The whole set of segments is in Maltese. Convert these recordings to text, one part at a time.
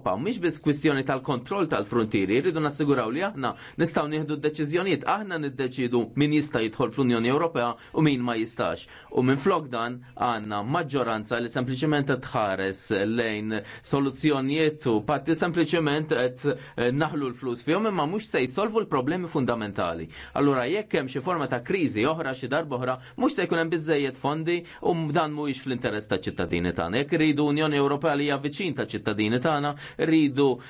Europa mhix biss kwistjoni tal-kontroll tal-frontieri, rridu nassiguraw li aħna nistgħu nieħdu d-deċiżjonijiet, aħna niddeċidu min jista' jidħol fl-Unjoni Ewropea u min ma jistax. U minn flok dan għandna maġġoranza li sempliċement qed tħares lejn soluzzjonijiet u patti sempliċement qed naħlu l-flus fihom imma mhux se jsolvu l-problemi fundamentali. Allura jekk hemm xi forma ta' kriżi oħra xi darba oħra, mhux se jkun hemm biżejjed fondi u dan mhuwiex fl-interess ta' ċittadini tagħna. Jekk rridu Unjoni Ewropea li hija viċin taċ-ċittadini tagħna, rridu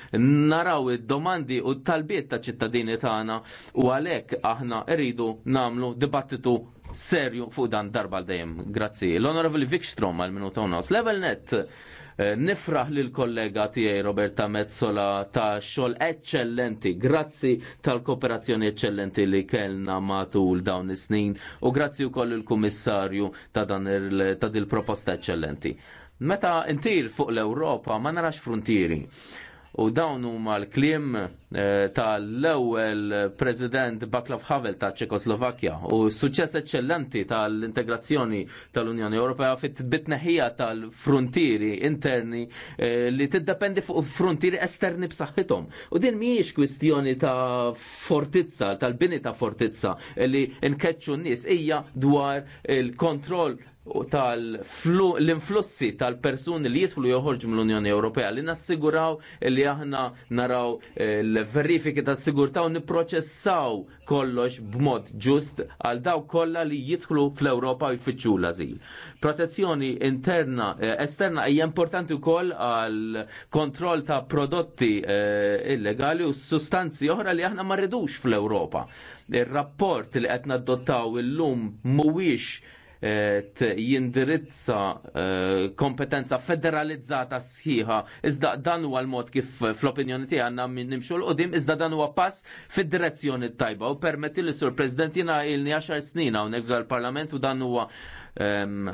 naraw id-domandi u talbiet ta' ċittadini tagħna u għalhekk aħna rridu namlu dibattitu serju fuq dan darba dejjem. Grazzi. L-Honorable Vikstrom għal minuta nos. Level net eh, nifraħ lil kollega tiegħi Roberta Mezzola ta' xogħol eċċellenti. Grazzi tal-kooperazzjoni eċċellenti li kellna matul dawn is-snin u grazzi wkoll il-Kummissarju ta' dan il proposta eċċellenti. Meta intir fuq l-Ewropa ma narax frontieri. U dawn huma l-kliem eh, tal-ewwel President Baklav Havel ta' Ċekoslovakkja u s-suċċess eċċellenti tal-integrazzjoni tal-Unjoni Ewropea fit bitneħija tal-frontieri interni eh, li tiddependi fuq frontieri esterni b'saħħithom. U din mhijiex kwistjoni ta' fortizza, tal-bini ta' fortizza eh, li nkeċċu n-nies hija dwar il-kontroll tal-influssi tal-persuni li jidħlu joħorġu mill-Unjoni Ewropea li nassiguraw li aħna naraw eh, l-verifiki ta' sigurtaw niproċessaw kollox b'mod ġust għal daw kollha li jidħlu fl-Ewropa u jfittxu l-azil. Protezzjoni interna eh, esterna hija importanti wkoll għal kontroll ta' prodotti eh, illegali u sustanzi oħra li aħna ma rridux fl-Ewropa. Ir-rapport li qed naddottaw illum mhuwiex Eh, jindirizza eh, kompetenza federalizzata sħiħa. Iżda dan huwa l-mod kif eh, fl-opinjoni tiegħi għandna nimxu l-qudiem, iżda dan huwa pass fid-direzzjoni tajba u permetti li sur President ilni 10 snin hawnhekk l parlament u dan huwa ehm,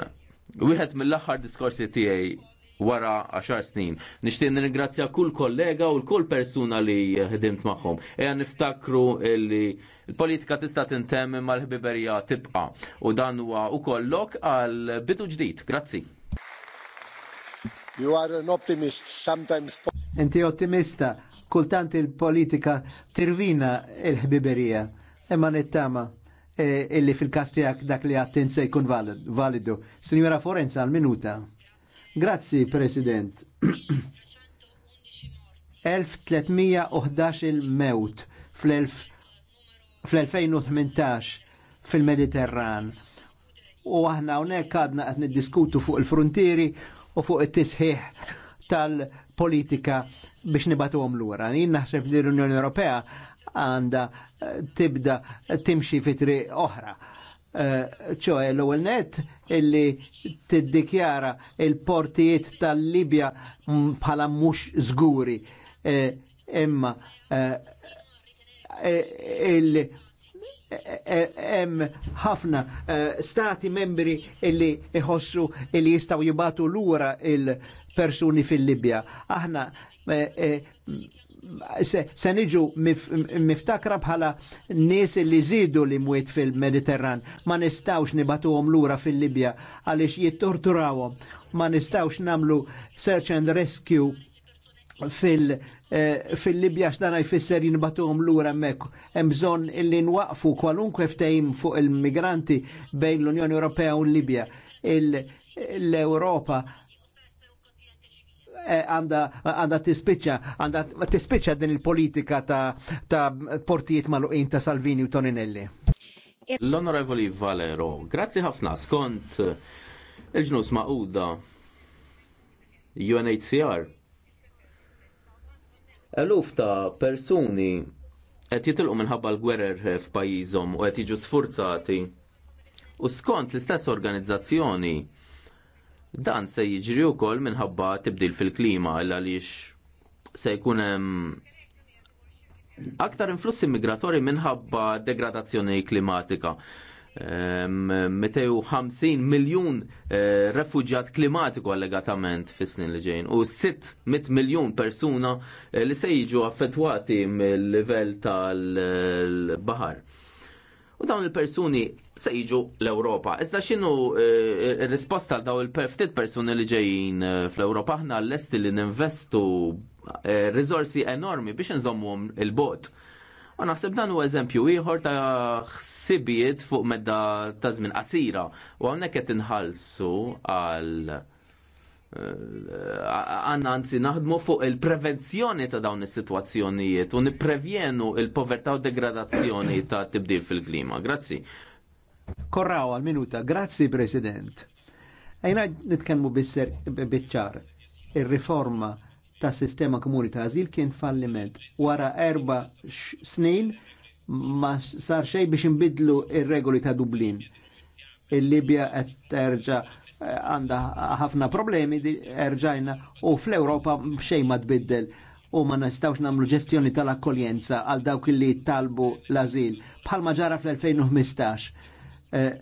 wieħed mill-aħħar diskorsi tiegħi wara 10 snin. Nixtieq nirringrazzja kull kollega u kull persuna li ħdimt magħhom. Eja niftakru li l-politika tista' tintemm imma l-ħbiberija tibqa' u dan huwa wkoll lok għal bidu ġdid. Grazzi. You are an optimist sometimes. Inti ottimista, kultant il-politika tirvina il-ħbiberija. Imma nittama eh, illi fil-kastijak dak li għattin se jkun validu. Signora Forenza, al minuta Grazzi, President. 1311 il-mewt fl-2018 fil-Mediterran. U aħna hawnhekk għadna qed niddiskutu fuq il-frontieri u fuq it-tisħiħ tal-politika biex l lura. Jien naħseb li l-Unjoni Ewropea għandha tibda timxi fitri oħra Eh, ċoħe l-ewel net illi t-dikjara il-portijiet tal-Libja bħala mux zguri. Imma eh, eh, illi hemm ħafna stati membri illi iħossu illi jistaw jibatu l-ura il-persuni fil-Libja. Aħna se niġu miftakra bħala nies li zidu li mwiet fil-Mediterran. Ma nistawx nibatuhom lura fil-Libja għaliex jittorturawhom. Ma nistawx namlu search and rescue fil- eh, fil-Libja x'dan jfisser jinbatuhom lura hemmhekk hemm bżonn illi nwaqfu kwalunkwe ftehim fuq il-migranti bejn l-Unjoni Ewropea u l-Libja. l-Europa għanda tispiċċa għanda tispiċċa din il-politika ta' portijiet maluqin ta' Salvini u Toninelli. L-Onorevoli Valero, grazzi ħafna skont il-ġnus Uda UNHCR. Eluf ta' persuni qed jitilqu minħabba l-gwerer f'pajjiżhom u qed jiġu sfurzati. U skont l-istess organizzazzjoni Dan se jiġri wkoll minħabba tibdil fil-klima għaliex se jkun hemm aktar influssi migratorji minħabba degradazzjoni klimatika. 50 miljun eh, refugjat klimatiku allegatament fis snin li ġejn u 600 miljun persuna eh, li se jiġu affettwati mill-livell tal-bahar. Eh, U dawn il-persuni se jiġu l-Ewropa. Iżda xinu eh, il-risposta għal daw il-perftit persuni li ġejjin eh, fl-Ewropa aħna l-esti li ninvestu eh, risorsi enormi biex inżommuhom il-bot. U naħseb dan huwa eżempju ieħor ta' ħsibijiet fuq medda ta' żmien qasira u hawnhekk qed inħallsu għal għanna għanzi naħdmu fuq il-prevenzjoni ta' dawn is-sitwazzjonijiet u niprevjenu il-povertà u degradazzjoni ta' tibdil fil-klima. Grazzi. Korraw għal-minuta, grazzi President. Ejna nitkemmu bisser biċċar. Il-riforma ta' sistema komuni ta' azil kien falliment. Wara erba snin ma sar xej biex imbidlu ir-regoli ta' Dublin il-Libja qed terġa' għandha ħafna problemi erġajna u fl-Ewropa xejn ma tbiddel u ma nistawx namlu ġestjoni tal-akkoljenza għal dawk li talbu l-azil bħalma ġara fl-2015. Eh,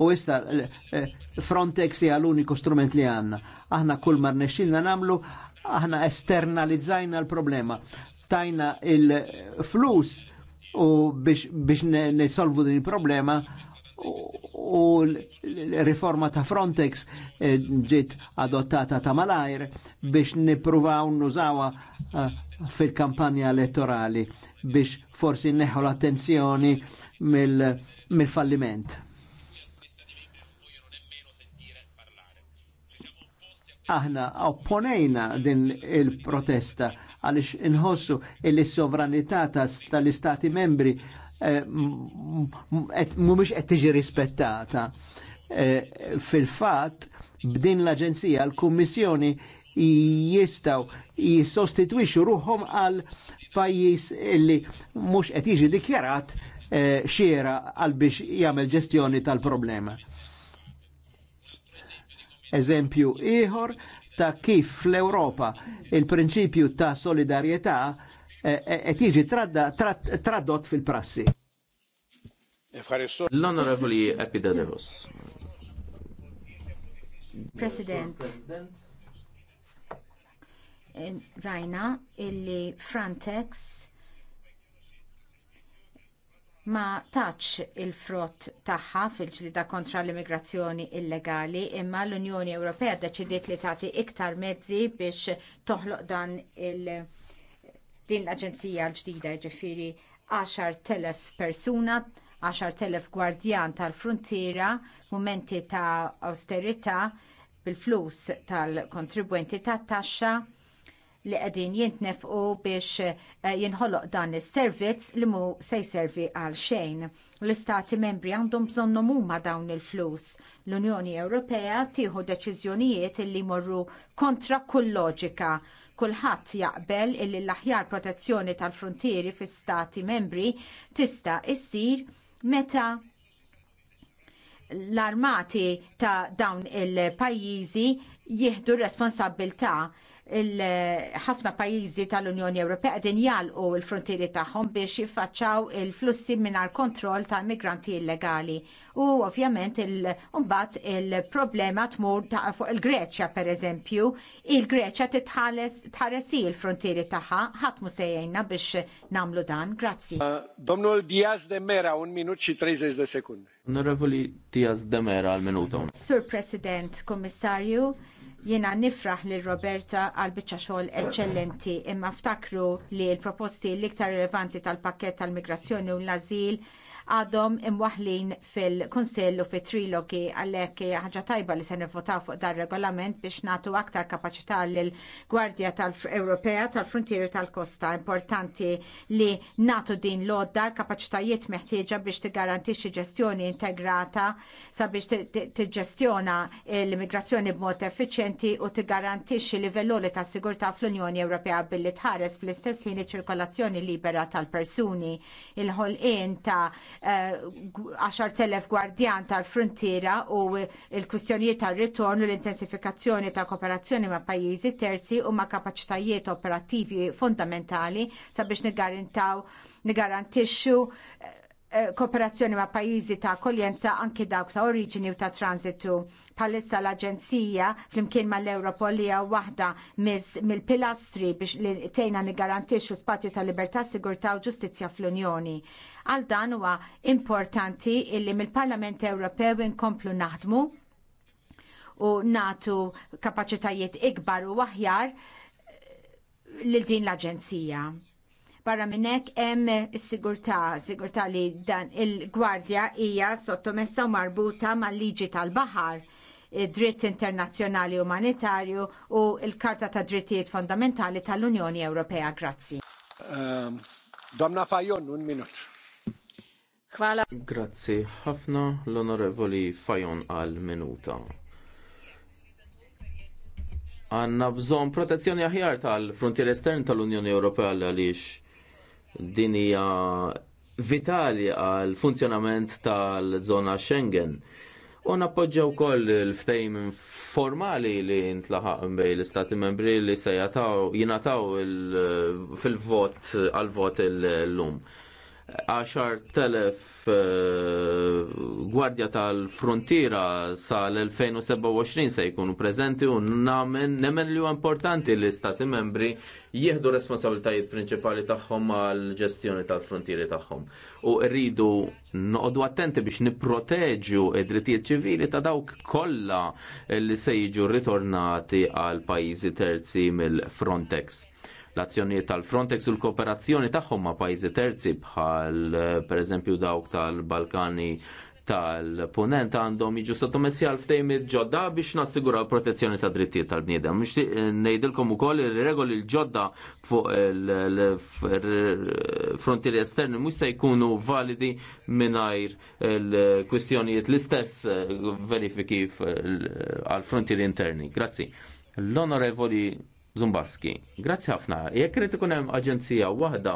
u issa eh, Frontex hija l-uniku strument li għanna. Aħna kull mar nexxilna namlu, aħna esternalizzajna l-problema. Tajna il-flus u biex nisolvu din il-problema u l-riforma ta' Frontex eh, ġiet adottata ta' malajr biex nipruvaw nużawa eh, fil-kampanja elettorali biex forsi neħu l-attenzjoni mill-falliment. Aħna opponejna din il-protesta għalix inħossu il-sovranità tal-istati membri Eh, mhumiex qed tiġi rispettata. Eh, fil-fatt b'din l-Aġenzija l-Kummissjoni jistaw jissostitwixxu ruhom għal pajjiż li mhux qed jiġi dikjarat eh, xiera għal biex jagħmel ġestjoni tal-problema. Eżempju ieħor ta' kif fl-Europa il-prinċipju ta' solidarjetà qed jiġi fil-prassi. L-Onorevoli Epidadevos. President. Rajna illi Frontex ma taċ il-frott tagħha fil-ġlida kontra l-immigrazzjoni illegali imma l-Unjoni Ewropea deċidiet li tagħti iktar mezzi biex toħloq dan il- din l-Aġenzija l-ġdida ġifiri 10.000 persuna, 10.000 gwardjan tal-frontiera, mumenti ta' austerita bil-flus tal-kontribwenti tat-taxxa li qegħdin jintnefqu biex eh, jinħoloq dan is-servizz li mu se servi għal xejn. L-istati membri għandhom bżonnhom huma dawn il-flus. L-Unjoni Ewropea tieħu deċiżjonijiet li jmorru kontra kull loġika Kulħadd jaqbel illi l-aħjar protezzjoni tal-frontieri fis-stati membri tista' issir meta l-armati ta' dawn il-pajjiżi jieħdu r responsabbiltà Il ħafna pajjiżi tal-Unjoni Ewropea din jalqu il frontieri tagħhom biex jiffaċċaw il-flussi mingħajr kontroll ta' migranti illegali. U ovvjament il-mbagħad il-problema tmur fuq il-Greċja pereżempju, il-Greċja titħares tħaresi il frontieri tagħha, ħadd mu biex nagħmlu dan. Grazzi. Uh, Domnul Diaz de Mera, un minut xi 30 sekundi. Onorevoli Diaz de Mera għal minuta. Sur President, Kommissarju, Jiena nifraħ lil Roberta għal biċċa xogħol eċċellenti imma ftakru li l-proposti l-iktar rilevanti tal-pakket tal-migrazzjoni u l-azil għadhom imwaħlin fil-Kunsill u fit-trilogi għalhekk ħaġa tajba li se nivvotaw fuq dar regolament biex nagħtu aktar kapaċità lill gwardja tal-Ewropea tal-Frontieri tal-Kosta importanti li nagħtu din l-odda kapaċitajiet meħtieġa biex tigarantixxi ġestjoni integrata sabiex tiġġestjona l-immigrazzjoni b'mod effiċjenti u tigarantixxi livelloli ta' sigurtà fl-Unjoni Ewropea billi tħares fl-istess ċirkolazzjoni libera tal-persuni. Il-ħolqien ta' 10.000 eh, gwardjan tal-frontiera u il-kwistjonijiet tal-ritorn u l-intensifikazzjoni ta' kooperazzjoni ma' pajjiżi terzi u ma' kapaċitajiet operattivi fundamentali sabiex nigarantixxu Eh, kooperazzjoni ma' pajjiżi ta' akkoljenza anki dawk ta' oriġini u ta' transitu. Palissa l-Aġenzija flimkien mal l-Europol li waħda mill-pilastri biex li tejna spazju ta' libertà, sigurtà u ġustizzja fl-Unjoni. Għal dan huwa importanti illi mill-Parlament Ewropew inkomplu naħdmu u natu kapaċitajiet ikbar u aħjar lil din l-Aġenzija Barra minnek hemm is-sigurtà, sigurtà li dan il-gwardja hija sottomessa u marbuta mal-liġi tal-baħar dritt internazzjonali umanitarju u l-Karta ta' Drittijiet Fondamentali tal-Unjoni Ewropea. Grazzi. Um, Domna Fajon, un minut. Kvala. Grazzi ħafna l-Onorevoli Fajon għal minuta. Għanna bżon protezzjoni aħjar tal-frontier estern tal-Unjoni Ewropea għaliex Din hija vitali għal funzjonament tal-żona Schengen. U nappoġġa koll il-ftejm formali li ntlaħaq bej l-istati membri li se jingħataw fil-vot għal-vot l-lum. 10.000 eh, gwardja tal-frontiera sal-2027 se jkunu prezenti u namen nemmen li importanti li stati membri jieħdu responsabiltajiet prinċipali tagħhom għal ġestjoni tal-frontieri tagħhom. U rridu noqdu attenti biex nipproteġu id-drittijiet ċivili ta' dawk kollha li se jiġu ritornati għal pajjiżi terzi mill-Frontex L-azzjonijiet tal-Frontex u l-kooperazzjoni tagħhom ma' pajjiżi terzi bħal pereżempju dawk tal-Balkani tal-ponent għandhom jiġu sottomessi għal ftejmit ġodda biex nassiguraw protezzjoni ta' drittijiet tal-bniedem. Nejdilkom eh, ukoll il-regoli l-ġodda fuq il-frontieri esterni mhux se jkunu validi mingħajr il-kwistjonijiet l-istess eh, verifiki għal frontieri interni. Grazzi. L-onorevoli Zumbaski. Grazzi ħafna. Jekk irid ikun hemm aġenzija waħda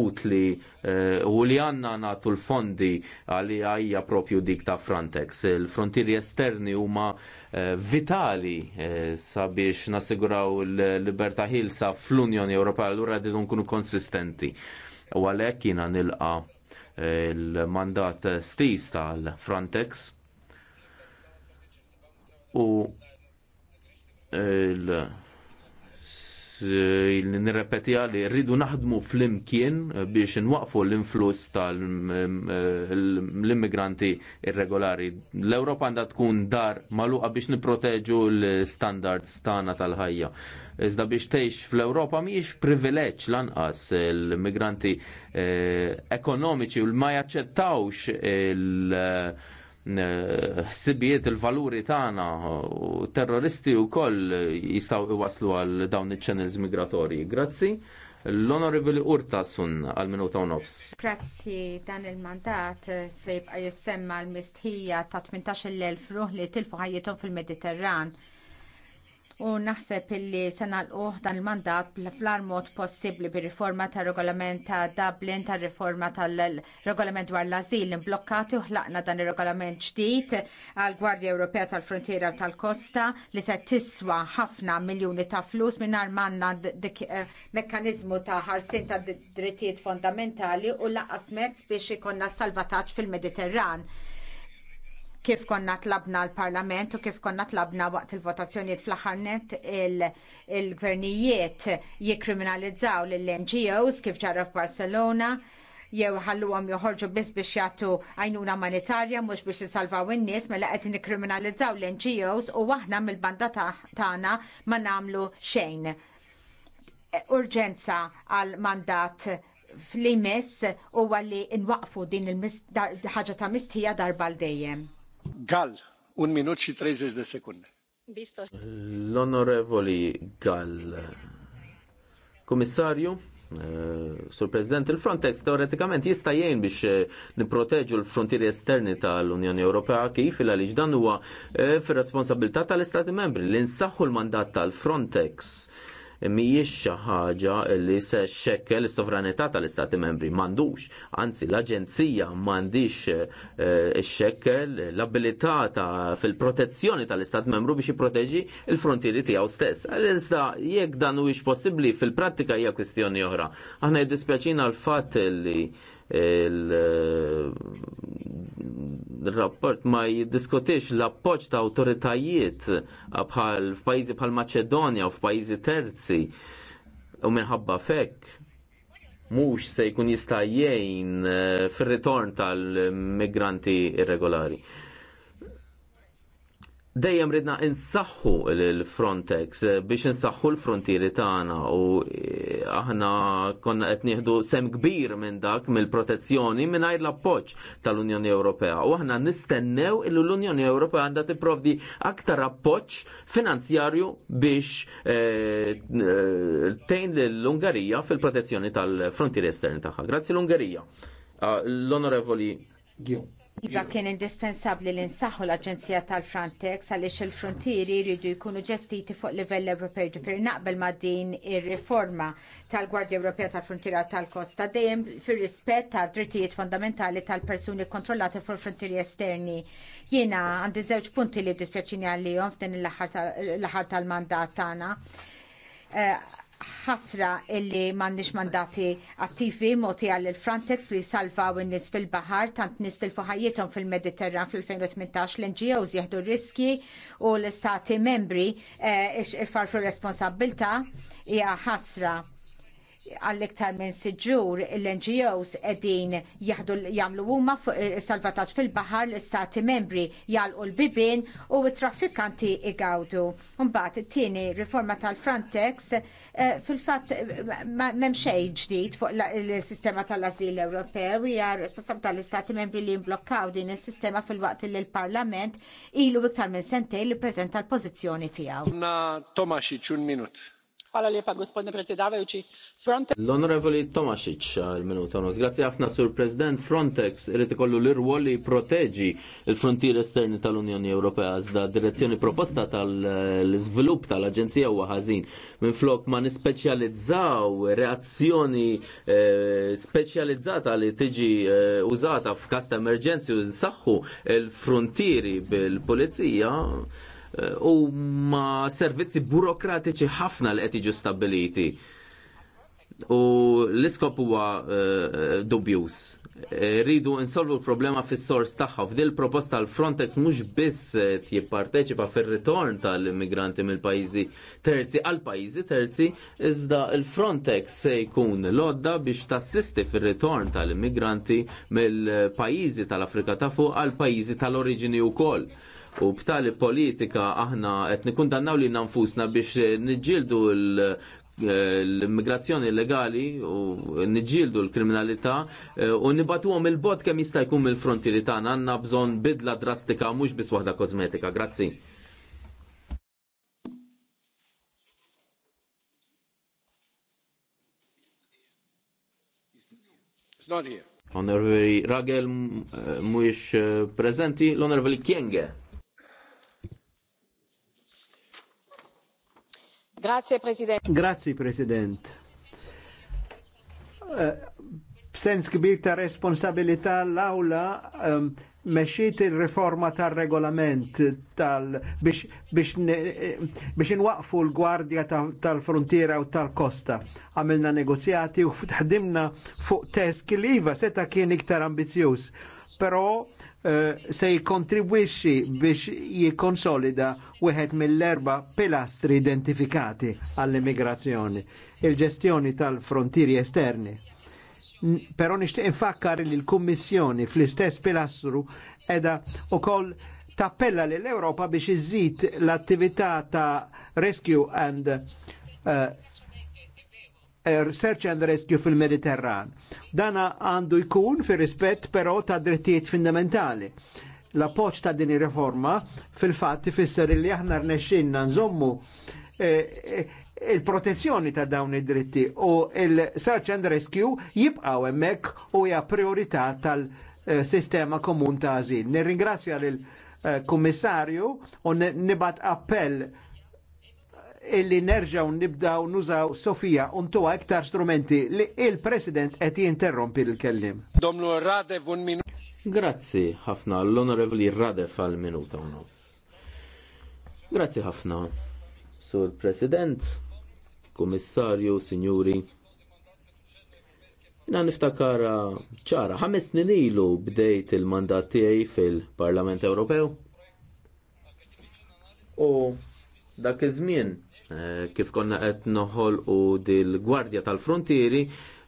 utli eh, u li għandna nagħtu l-fondi għalli għajja propju dik ta' Frontex. Il-frontieri esterni huma eh, vitali eh, sabiex nassiguraw l-libertà ħilsa fl-Unjoni Ewropea l-ura nkunu konsistenti. U għalhekk jiena nilqa il-mandat stis tal-Frontex u il- Eh, nirrepetija li rridu naħdmu fl-imkien biex nwaqfu l-influss tal-immigranti mm, eh, irregolari. L-Europa għandha tkun dar maluqa biex niproteġu l-standards tagħna tal-ħajja. Iżda biex tgħix fl-Europa mhijiex privileġġ lanqas l-immigranti eh, ekonomiċi u ma jaċċettawx il- ħsibijiet il-valuri tagħna u terroristi wkoll jistgħu iwaslu għal dawn iċ-channels migratorji. Grazzi. L-Onorevoli Urta sun għal minuta u nofs. Grazzi dan il-mandat se jibqa' jissemma l-mistħija ta' 18.000 ruħ li tilfu ħajjithom fil-Mediterran u naħseb illi se nagħlqu dan il-mandat fl-ar mod possibbli bir-riforma tar regolament ta' Dublin tar riforma tal-regolament dwar l-azil imblokkati u ħlaqna dan ir-regolament ġdid għall Gwardja Ewropea tal-Frontiera u tal-Kosta li se tiswa ħafna miljuni ta' flus mingħajr manna eh, mekkaniżmu ta' ħarsien ta' drittijiet fondamentali u lanqas mezz biex ikonna salvataġġ fil-Mediterran kif konna tlabna l-Parlament u kif konna tlabna waqt il-votazzjonijiet fl-ħarnet il-gvernijiet jikriminalizzaw l-NGOs kif ġara f'Barcelona jew ħalluhom joħorġu biss biex jagħtu għajnuna umanitarja mhux biex jisalvaw in-nies mela qed nikkriminalizzaw l-NGOs u aħna mill-banda tagħna ma nagħmlu xejn. Urġenza għal mandat fl-imess u għalli nwaqfu din il-ħagġa ta' mistija darba l-dejjem. Gall, și de L-onorevoli Gall, kummissarju eh, Sur President, il-Frontex teoretikament jista' jgħin biex eh, nipproteġu l-frontieri esterni tal-Unjoni Ewropea kif il għaliex dan huwa eh, fir-responsabilità tal-Istati Membri li nsaħħu l-mandat tal-Frontex mhijiex xi ħaġa li se xekkel is-sovranità tal-Istati membri m'għandux, anzi l-Aġenzija m'għandix eh, xekkel l-abilità fil-protezzjoni tal-Istat membru biex jipproteġi l frontieri tiegħu stess. għal insa jekk dan huwiex possibbli fil-prattika hija kwistjoni oħra. Aħna jiddispjaċina l-fatt li il-rapport ma jiddiskutix l-appoġġ ta' awtoritajiet bħal f'pajjiżi bħal Maċedonja u f'pajjiżi terzi u minħabba fekk mhux se jkun jista' jgħin eh, fir-ritorn tal-migranti irregolari. Dejjem ridna insaħħu l-Frontex eh, biex insaħħu l-frontieri tagħna u aħna konna qed nieħdu sem kbir minn dak mill-protezzjoni mingħajr l-appoġġ tal-Unjoni Ewropea. U aħna nistennew illi l-Unjoni Ewropea għandha tipprovdi aktar appoġġ finanzjarju biex eh, eh, tgħin l-Ungarija fil-protezzjoni tal frontier esterni tagħha. Grazzi l-Ungarija. Ah, L-Onorevoli Iva kien indispensabbli li nsaħħu l-Aġenzija tal-Frontex għaliex il-frontieri jridu jkunu ġestiti fuq livell Ewropej ġifier naqbel ma' din ir-riforma tal-Gwardja Ewropea tal-Frontiera tal-Kosta dejjem fir-rispett tad drittijiet fondamentali tal-persuni kontrollati fuq frontieri esterni. Jiena għandi żewġ punti li dispjaċini għalihom f'din l-aħħar tal-mandat tagħna eh, ħasra illi m'għandniex mandati attivi moti għall frontex li salvaw in-nies fil-baħar tant nies tilfu ħajjithom fil-Mediterran fil-2018 l-NGOs jieħdu riski u l-istati membri eh, r responsabilta hija ħasra għall-iktar minn siġur l-NGOs edin jaħdu jamlu huma eh, salvataġġ fil-baħar l-istati membri jalqu l-bibin u t-traffikanti igawdu. Mbagħad it-tieni riforma tal-Frontex eh, fil-fatt m'hemm xejn ġdid fuq il-sistema tal-Ażil Ewropew hija responsabbli tal-istati membri li mblokkaw din is-sistema fil-waqt li l-Parlament ilu iktar minn sentejn li ppreżenta l-pożizzjoni tiegħu. Na Tomasic ċun minut gospodine predsjedavajući l-onorevoli tomai għal minuta nos grazzi ħafna sur president frontex irid ikollu l-irwol li jproteġi l-frontier esterni tal-unjoni ewropea iżda direzzjoni proposta tal-iżvilupp tal-aġenzija huwa ħażin minflok ma nispeċjalizzaw reazzjoni eh, speċjalizzata li tiġi eh, użata f'każ ta' emerġenzi u nsaħħu l-frontieri bil-pulizija Eh, u ma servizzi burokratiċi ħafna li qed jiġu stabiliti. U l-iskop huwa eh, dubjus. Rridu insolvu l-problema fis-sors tagħha. F'dil proposta l Frontex mhux biss jipparteċipa fir-ritorn tal-immigranti mill-pajjiżi terzi għal pajjiżi terzi, iżda l-Frontex se jkun lodda biex tassisti fir-ritorn tal-immigranti mill-pajjiżi tal-Afrika ta' fuq għal pajjiżi tal-oriġini wkoll U b'tali politika aħna qed nikkundannaw li nfusna biex niġġieldu l l-immigrazzjoni illegali u niġġieldu l-kriminalità eh, u nibatu għom il-bot kemm jista' jkun mill-frontieri tagħna għandna bżonn bidla drastika mhux biss waħda kosmetika. Grazzi. Honorary Ragel eh, mhuwiex eh, preżenti, l-Honorable Kienge. Grazie, President. Grazie, President. B'sens eh, kbir ta' responsabilità l-awla um, ehm, il-reforma tal-regolament tal biex, biex, eh, nwaqfu l-gwardja tal-frontiera u tal-kosta. Għamilna negozjati u ħdimna fuq test kil-iva seta kien iktar ambizjuż però eh, se jikontribwixi biex jikonsolida wieħed mill-erba pilastri identifikati għall-immigrazzjoni, il-ġestjoni tal-frontieri esterni. Però nixtieq infakkar li l-Kummissjoni fl-istess pilastru edha ukoll tappella l-Europa biex iżid l-attività ta' rescue and uh, Eh, search and rescue fil-Mediterran. Dana għandu jkun fir rispett però ta' drittijiet fundamentali. L-appoċ ta' din ir-reforma fil-fatt ifisser li aħna rnexxinna nżommu eh, eh, il-protezzjoni ta' dawn id-dritti u il-search and rescue jibqaw hemmhekk u hija priorità tal-sistema komun ta' azil. Nirringrazzja lill kummissarju u nibat appell illi nerġaw nibdaw nużaw Sofija untuwa iktar strumenti li il-President qed jinterrompi l-kellim. Domnu Radev un minu. Grazzi ħafna l-Onorevoli Radev għal minuta u nofs. Grazzi ħafna, Sur President, Kommissarju, Signuri. Na niftakara ċara, ħames snin ilu bdejt il-mandat tiegħi fil-Parlament Ewropew. U dak iż-żmien Eh, kif konna qed noħol u dil-Gwardja tal-Frontieri,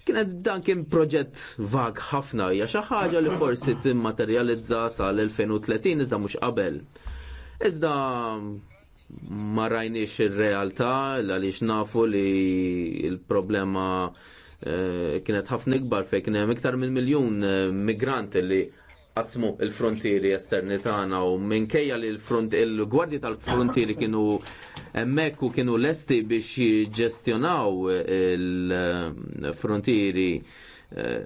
kienet dan kien proġett vag ħafna hija xi ħaġa li forsi timmaterjalizza sal-2030 iżda mhux qabel. Iżda ma rajniex ir-realtà għaliex nafu li l-problema eh, kienet ħafna ikbar fejn kien hemm iktar minn miljun eh, migranti li qasmu il-frontieri esterni tagħna u minkejja li l-gwardji tal-frontieri kienu hemmhekk u kienu lesti biex jiġġestjonaw il-frontieri eh,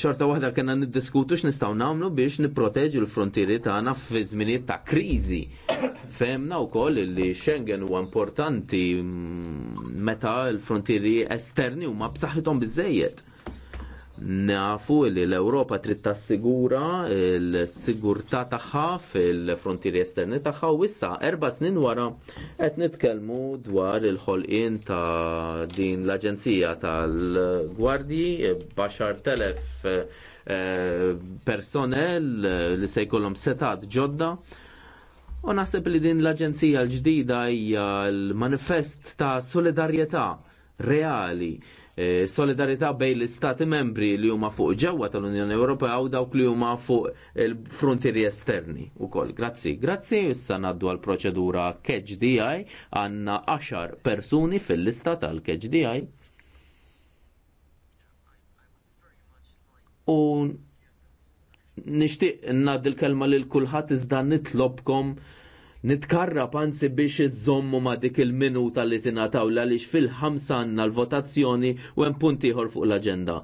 xorta waħda kena niddiskutu x'nistgħu nagħmlu biex nipproteġu l-frontieri tagħna fi żminijiet ta' kriżi. Femna wkoll li Schengen huwa importanti mm, meta l-frontieri esterni huma b'saħħithom biżejjed nafu li l-Ewropa trid tassigura l-sigurtà tagħha fil-frontieri esterni tagħha u issa erba' snin wara qed nitkellmu dwar il-ħolqien ta' din l-Aġenzija tal-Gwardji baxar telef eh, personel li se jkollhom setat ġodda U naħseb li din l-Aġenzija l-ġdida hija l-manifest ta' solidarjetà reali Eh, solidarità bejn l-istati membri li huma fuq ġewwa tal-Unjoni Ewropea u dawk li huma fuq il-frontieri esterni ukoll. Grazzi, grazzi, issa ngħaddu għall proċedura KHDI għandna 10 persuni fil-lista tal-KHDI. U nixtieq ngħaddi l-kelma lil kulħadd iżda nitlobkom nitkarra panzi biex iżommu ma dik il-minuta li tingħataw għaliex fil-ħamsa l-votazzjoni u hemm punt ieħor fuq l-aġenda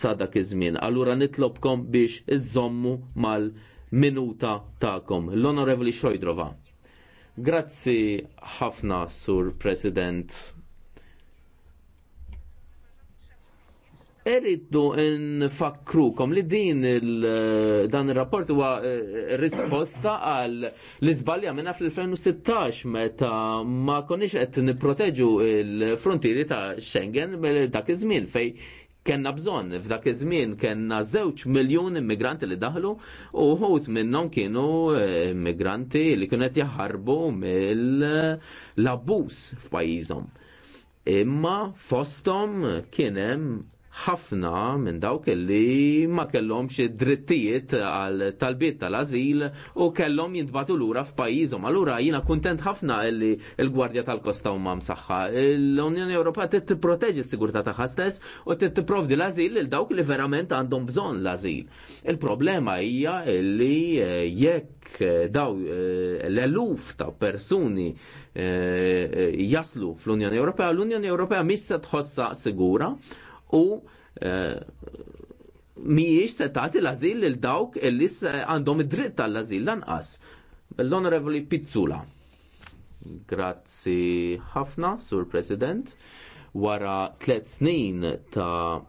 sa dak iż-żmien. Allura nitlobkom biex iżommu mal-minuta tagħkom. L-Onorevoli Xojdrova. Grazzi ħafna, Sur President. Eriddu nfakkrukom li din il, eh, dan il-rapport huwa eh, risposta għal l-izbalja minna fl-2016 meta ma konniex qed nipproteġu il-frontieri ta' Schengen mela dak iż-żmien fej kenna bżonn f'dak iż-żmien kenna żewġ miljun immigranti li daħlu u ħut minnhom kienu eh, immigranti li kienu qed jaħarbu mill-abbuż f'pajjiżhom imma fostom kienem ħafna minn dawk li ma kellhomx drittijiet għal talbiet tal-azil u kellhom jintbatu lura f'pajjiżhom. Allura jiena kuntent ħafna li l-Gwardja tal-Kosta huma msaħħa. L-Unjoni Ewropea trid tipproteġi s-sigurtà tagħha stess u trid tipprovdi l-azil lil dawk li verament għandhom bżonn l-azil. Il-problema hija li eh, jekk eh, daw eh, l-eluf ta' persuni jaslu fl-Unjoni Ewropea, l-Unjoni Ewropea missa tħossa sigura u eh, mhijiex se tagħti l-azil lil dawk il-lis għandhom id-dritt tal-azil lanqas. L-Onorevoli Pizzula. Grazzi ħafna, Sur President. Wara tliet snin ta'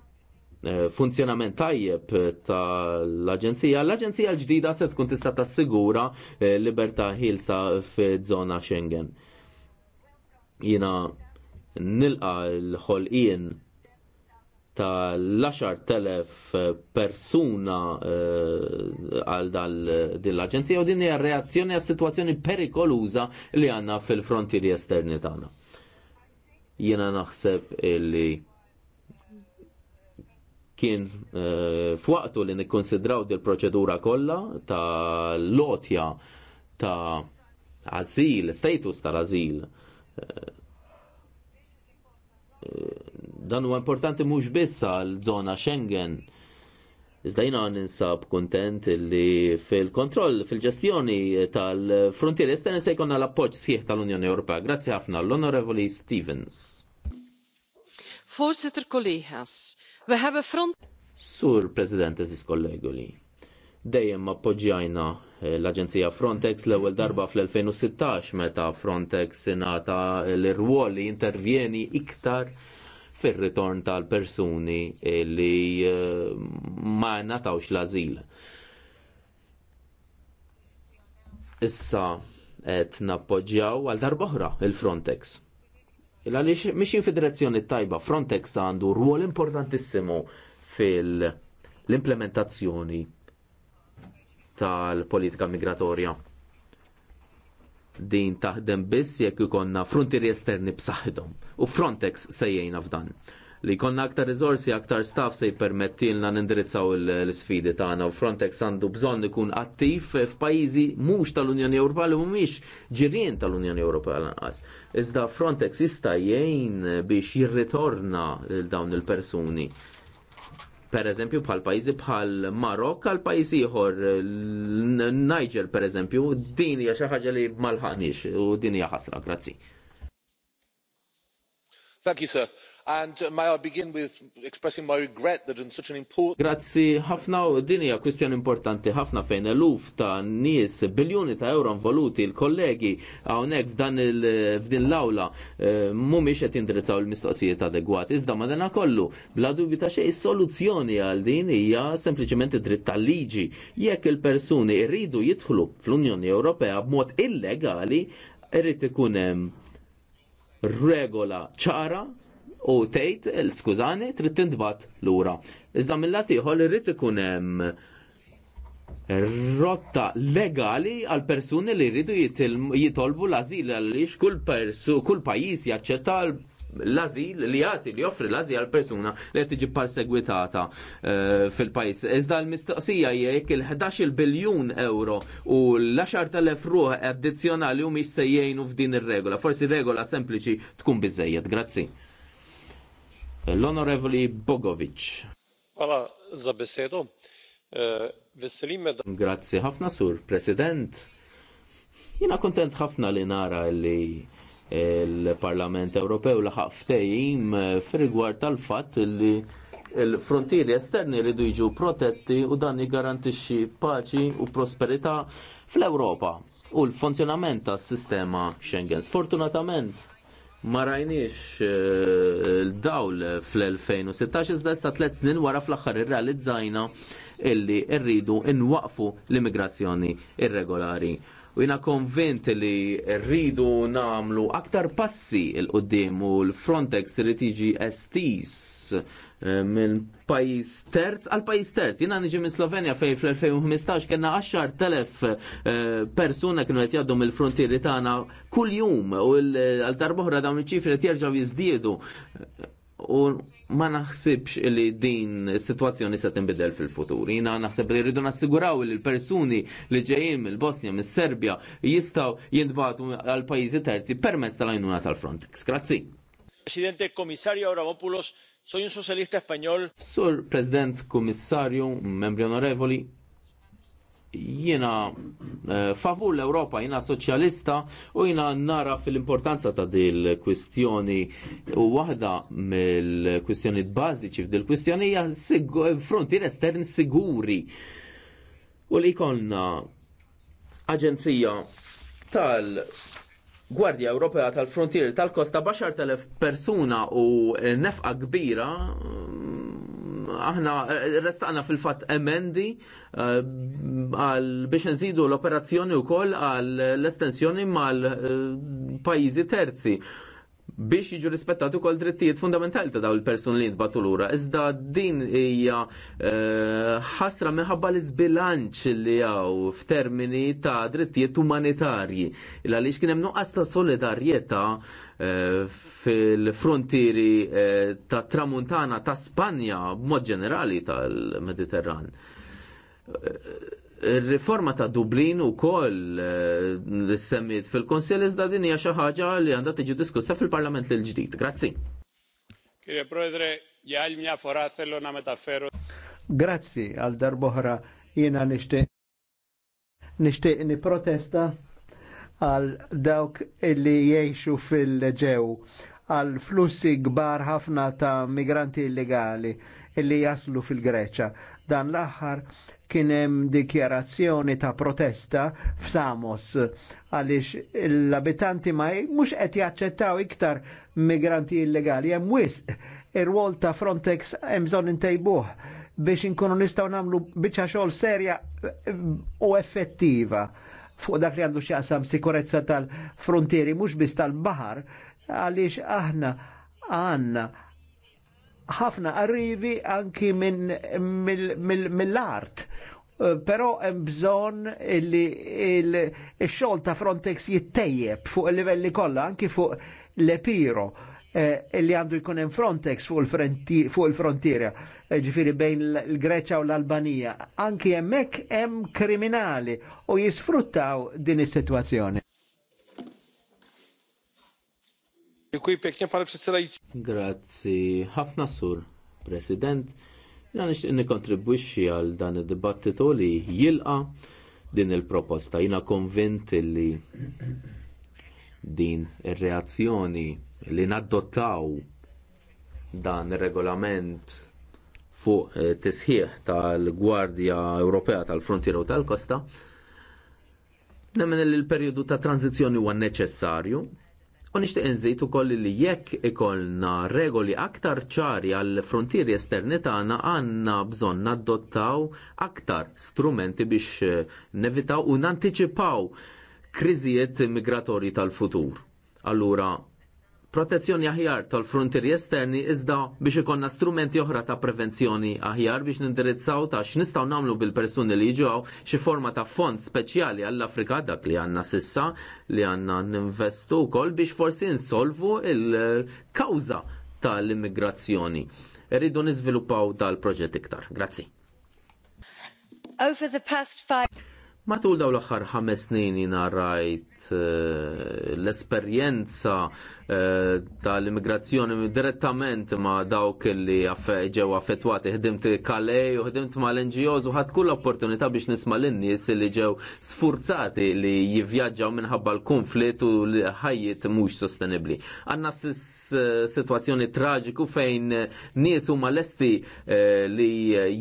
eh, funzjonament tajjeb tal-Aġenzija. L-Aġenzija l-ġdida se tkun tista' tassigura eh, libertà ħilsa f'żona Schengen. Jina nilqa l-ħolqien ta' l-10.000 eh, persuna eh, għal dal eh, din l-Aġenzija u din hija reazzjoni għas situazzjoni perikoluża li għandna fil-frontieri esterni tagħna. Jiena naħseb illi kien f'waqtu li nikkonsidraw dil proċedura kollha ta' lotja ta' azil, status tal-azil Dan huwa importanti mhux biss għal żona Schengen. Iżda jiena ninsab kuntent li fil-kontroll, fil-ġestjoni tal frontier esterni se jkollna l-appoġġ sħiħ tal-Unjoni Ewropea. Grazzi ħafna l-Onorevoli Stevens. Voorzitter, collega's, we a front. Sur President, eżis kollegoli dejjem appoġġjajna eh, l-Aġenzija Frontex l-ewwel darba fl-2016 meta Frontex ingħata l-irwol li intervjeni iktar fir-ritorn tal-persuni li eh, ma natawx l-azil. Issa qed nappoġġjaw għal darboħra il-Frontex. Il-għaliex miexin fid-direzzjoni tajba, Frontex għandu rwol importantissimu fil-implementazzjoni tal-politika migratorja din taħdem biss jekk ikonna frontier esterni b'saħħithom. U Frontex se jgħinna f'dan. Li jkollna aktar riżorsi, aktar staff se jippermettilna nindirizzaw l isfidi tagħna u Frontex għandu bżonn ikun attiv f'pajjiżi mhux tal-Unjoni Ewropea li mhumiex ġirien tal-Unjoni Ewropea lanqas. Iżda Frontex jista' jgħin biex jirritorna lil dawn il-persuni per eżempju bħal pajjiżi bħal Marok għal pajjiż ieħor Niger per eżempju din hija xi ħaġa li malħaqniex u din hija ħasra grazzi. Thank you, sir and uh, may I begin with expressing my regret that in such an important Grazzi ħafna din hija kwistjoni importanti ħafna fejn eluf ta' nies biljuni ta' euro involuti l-kollegi hawnhekk f'dan il f'din l-awla eh, mhumiex qed indirizzaw il-mistoqsijiet adegwati. Iżda madana kollu bla dubju ta' xejn is-soluzzjoni għal din hija sempliċement id-dritt tal-liġi. Jekk il-persuni rridu jidħlu fl-Unjoni Ewropea b'mod illegali, irrid ikun hemm regola ċara u tgħid skużani trid tintbat lura. Iżda mill-lat ieħor irrid ikun hemm rotta legali għal persuni li rridu jitolbu l-azil għaliex kull persu, kull pajjiż jaċċetta l-azil li jagħti li joffri l-azil għal persuna li qed tiġi parsegwitata eh, fil-pajjiż. Iżda l-mistoqsija jgħid il-11 biljun euro u l-10,000 ruħ addizzjonali u mhix se jgħinu f'din ir-regola. Forsi regola sempliċi tkun biżejjed. Grazzi. L-Onorevoli Bogovic. Għala, za besedo. E, Vesselim Grazzi ħafna sur, President. Jina kontent ħafna li nara li il-Parlament Ewropew laħaq ftejim e, fir tal-fatt li il-frontieri esterni ridu jiġu protetti u dan jgarantixxi paċi u prosperità fl-Ewropa u l-funzjonament tas-sistema Schengen. Sfortunatament, ma rajniex eh, dawl fl-2016 iżda sta tliet snin wara fl-aħħar irrealizzajna illi rridu nwaqfu l-immigrazzjoni irregolari u jina konvint li rridu namlu aktar passi il-qoddim u l-Frontex li tiġi estis eh, minn pajis terz għal pajis terz. Jina nġi minn Slovenja fej fl-2015 kena 10.000 eh, persuna kienu għet jaddu mill frontieri tagħna kull jum u għal darbohra dawn iċifri għet jerġaw jizdijedu u ma naħsibx li din situazzjoni se tinbidel fil-futur. Jina naħseb li rridu nassiguraw li l-persuni li ġejjin mill-Bosnia, mis-Serbja jistaw jintbatu għal pajjiżi terzi permezz tal-għajnuna tal-Frontex. Grazzi. Presidente Komissarju Avramopoulos, sojun Socialista Spanjol. Sur President Komissarju, membri onorevoli, Jiena eh, favur l-Europa, jiena soċjalista u jiena nara fil-importanza ta' dil kwistjoni u waħda mill-kwistjoni bażiċi f'dil kwistjoni hija frontier estern siguri. U li jkollna aġenzija tal Gwardja Ewropea tal-Frontier tal-Kosta baxar telef persuna u nefqa kbira aħna eh, restaqna fil-fatt emendi eh, għal biex nżidu l-operazzjoni wkoll għal l-estensjoni mal-pajjiżi eh, terzi biex jiġu rispettati ukoll drittijiet fundamentali ta' daw il-persuni li jintbatu lura. Iżda din hija eh, ħasra minħabba l-iżbilanċ li hawn f'termini ta' drittijiet umanitarji. Għaliex kien hemm nuqqas ta' solidarjetà eh, fil-frontieri eh, ta' tramuntana ta' Spanja b'mod ġenerali tal-Mediterran Il-riforma ta' Dublin u koll l-semmit eh, fil-Konsil iżda din hija xi ħaġa li għandha tiġi diskussa fil-Parlament l ġdid Grazzi. Kire Proedre, jgħal mia fora thello na metaferu. Grazzi għal darboħra jiena nixtieq nixtieq protesta għal dawk illi jgħixu fil-ġew għal flussi gbar ħafna ta' migranti illegali illi jaslu fil-Greċa. Dan l-aħħar kien hemm dikjarazzjoni ta' protesta f'Samos għaliex l-abitanti ma mhux qed jaċċettaw iktar migranti illegali hemm wisq ir-rwol ta' Frontex hemm bżonn intejbuh biex inkunu nistgħu nagħmlu biċċa xogħol serja u effettiva fuq dak li għandu x'jaqsam sikurezza tal-frontieri mhux biss tal-baħar għaliex aħna għandna ħafna arrivi anki minn mill-art. Eh, però hemm bżonn li x-xogħol ta' Frontex jittejjeb fuq il-livelli kollha, anki fuq l-epiro eh, li għandu jkun hemm Frontex fuq il-frontiera, eh, ġifieri bejn il greċja u l-Albanija. Anki hemmhekk hemm kriminali u jisfruttaw din is-sitwazzjoni. Grazzi ħafna sur, President. Jina nixtieq nikkontribwixxi għal dan id-dibattitu li jilqa din il-proposta. Jiena konvint li din ir-reazzjoni li naddottaw dan ir-regolament fuq eh, tisħiħ tal-Gwardja Ewropea tal-Frontiera u tal-Kosta, nemmen li l-perjodu ta' tranzizjoni huwa neċessarju U nixtieq inżid ukoll li jekk ikollna regoli aktar ċari għall frontieri esterni tagħna għandna bżonn nadottaw aktar strumenti biex eh, nevitaw u nanticipaw kriżijiet migratorji tal-futur. Allura protezzjoni aħjar tal-frontieri esterni iżda biex ikonna strumenti oħra ta' prevenzjoni aħjar biex nindirizzaw ta' x'nistgħu nagħmlu bil-persuni li jiġu xi forma ta' fond speċjali għall-Afrika dak li għandna sissa li għandna ninvestu wkoll biex forsi insolvu il-kawża tal-immigrazzjoni. Irridu niżviluppaw dal-proġett iktar. Grazzi. Over the past five Matul daw l-axar ħames snin jina rajt Eh, l-esperjenza eh, tal-immigrazzjoni direttament ma dawk li ġew affettwati ħdimt Kalej u ħdimt l ngos u ħadd kull opportunità biex nisma' lin-nies li ġew sfurzati li jivvjaġġaw minħabba l-konflitt u li ħajjit mhux sostenibbli. Għandna sitwazzjoni traġiku fejn nies huma lesti eh, li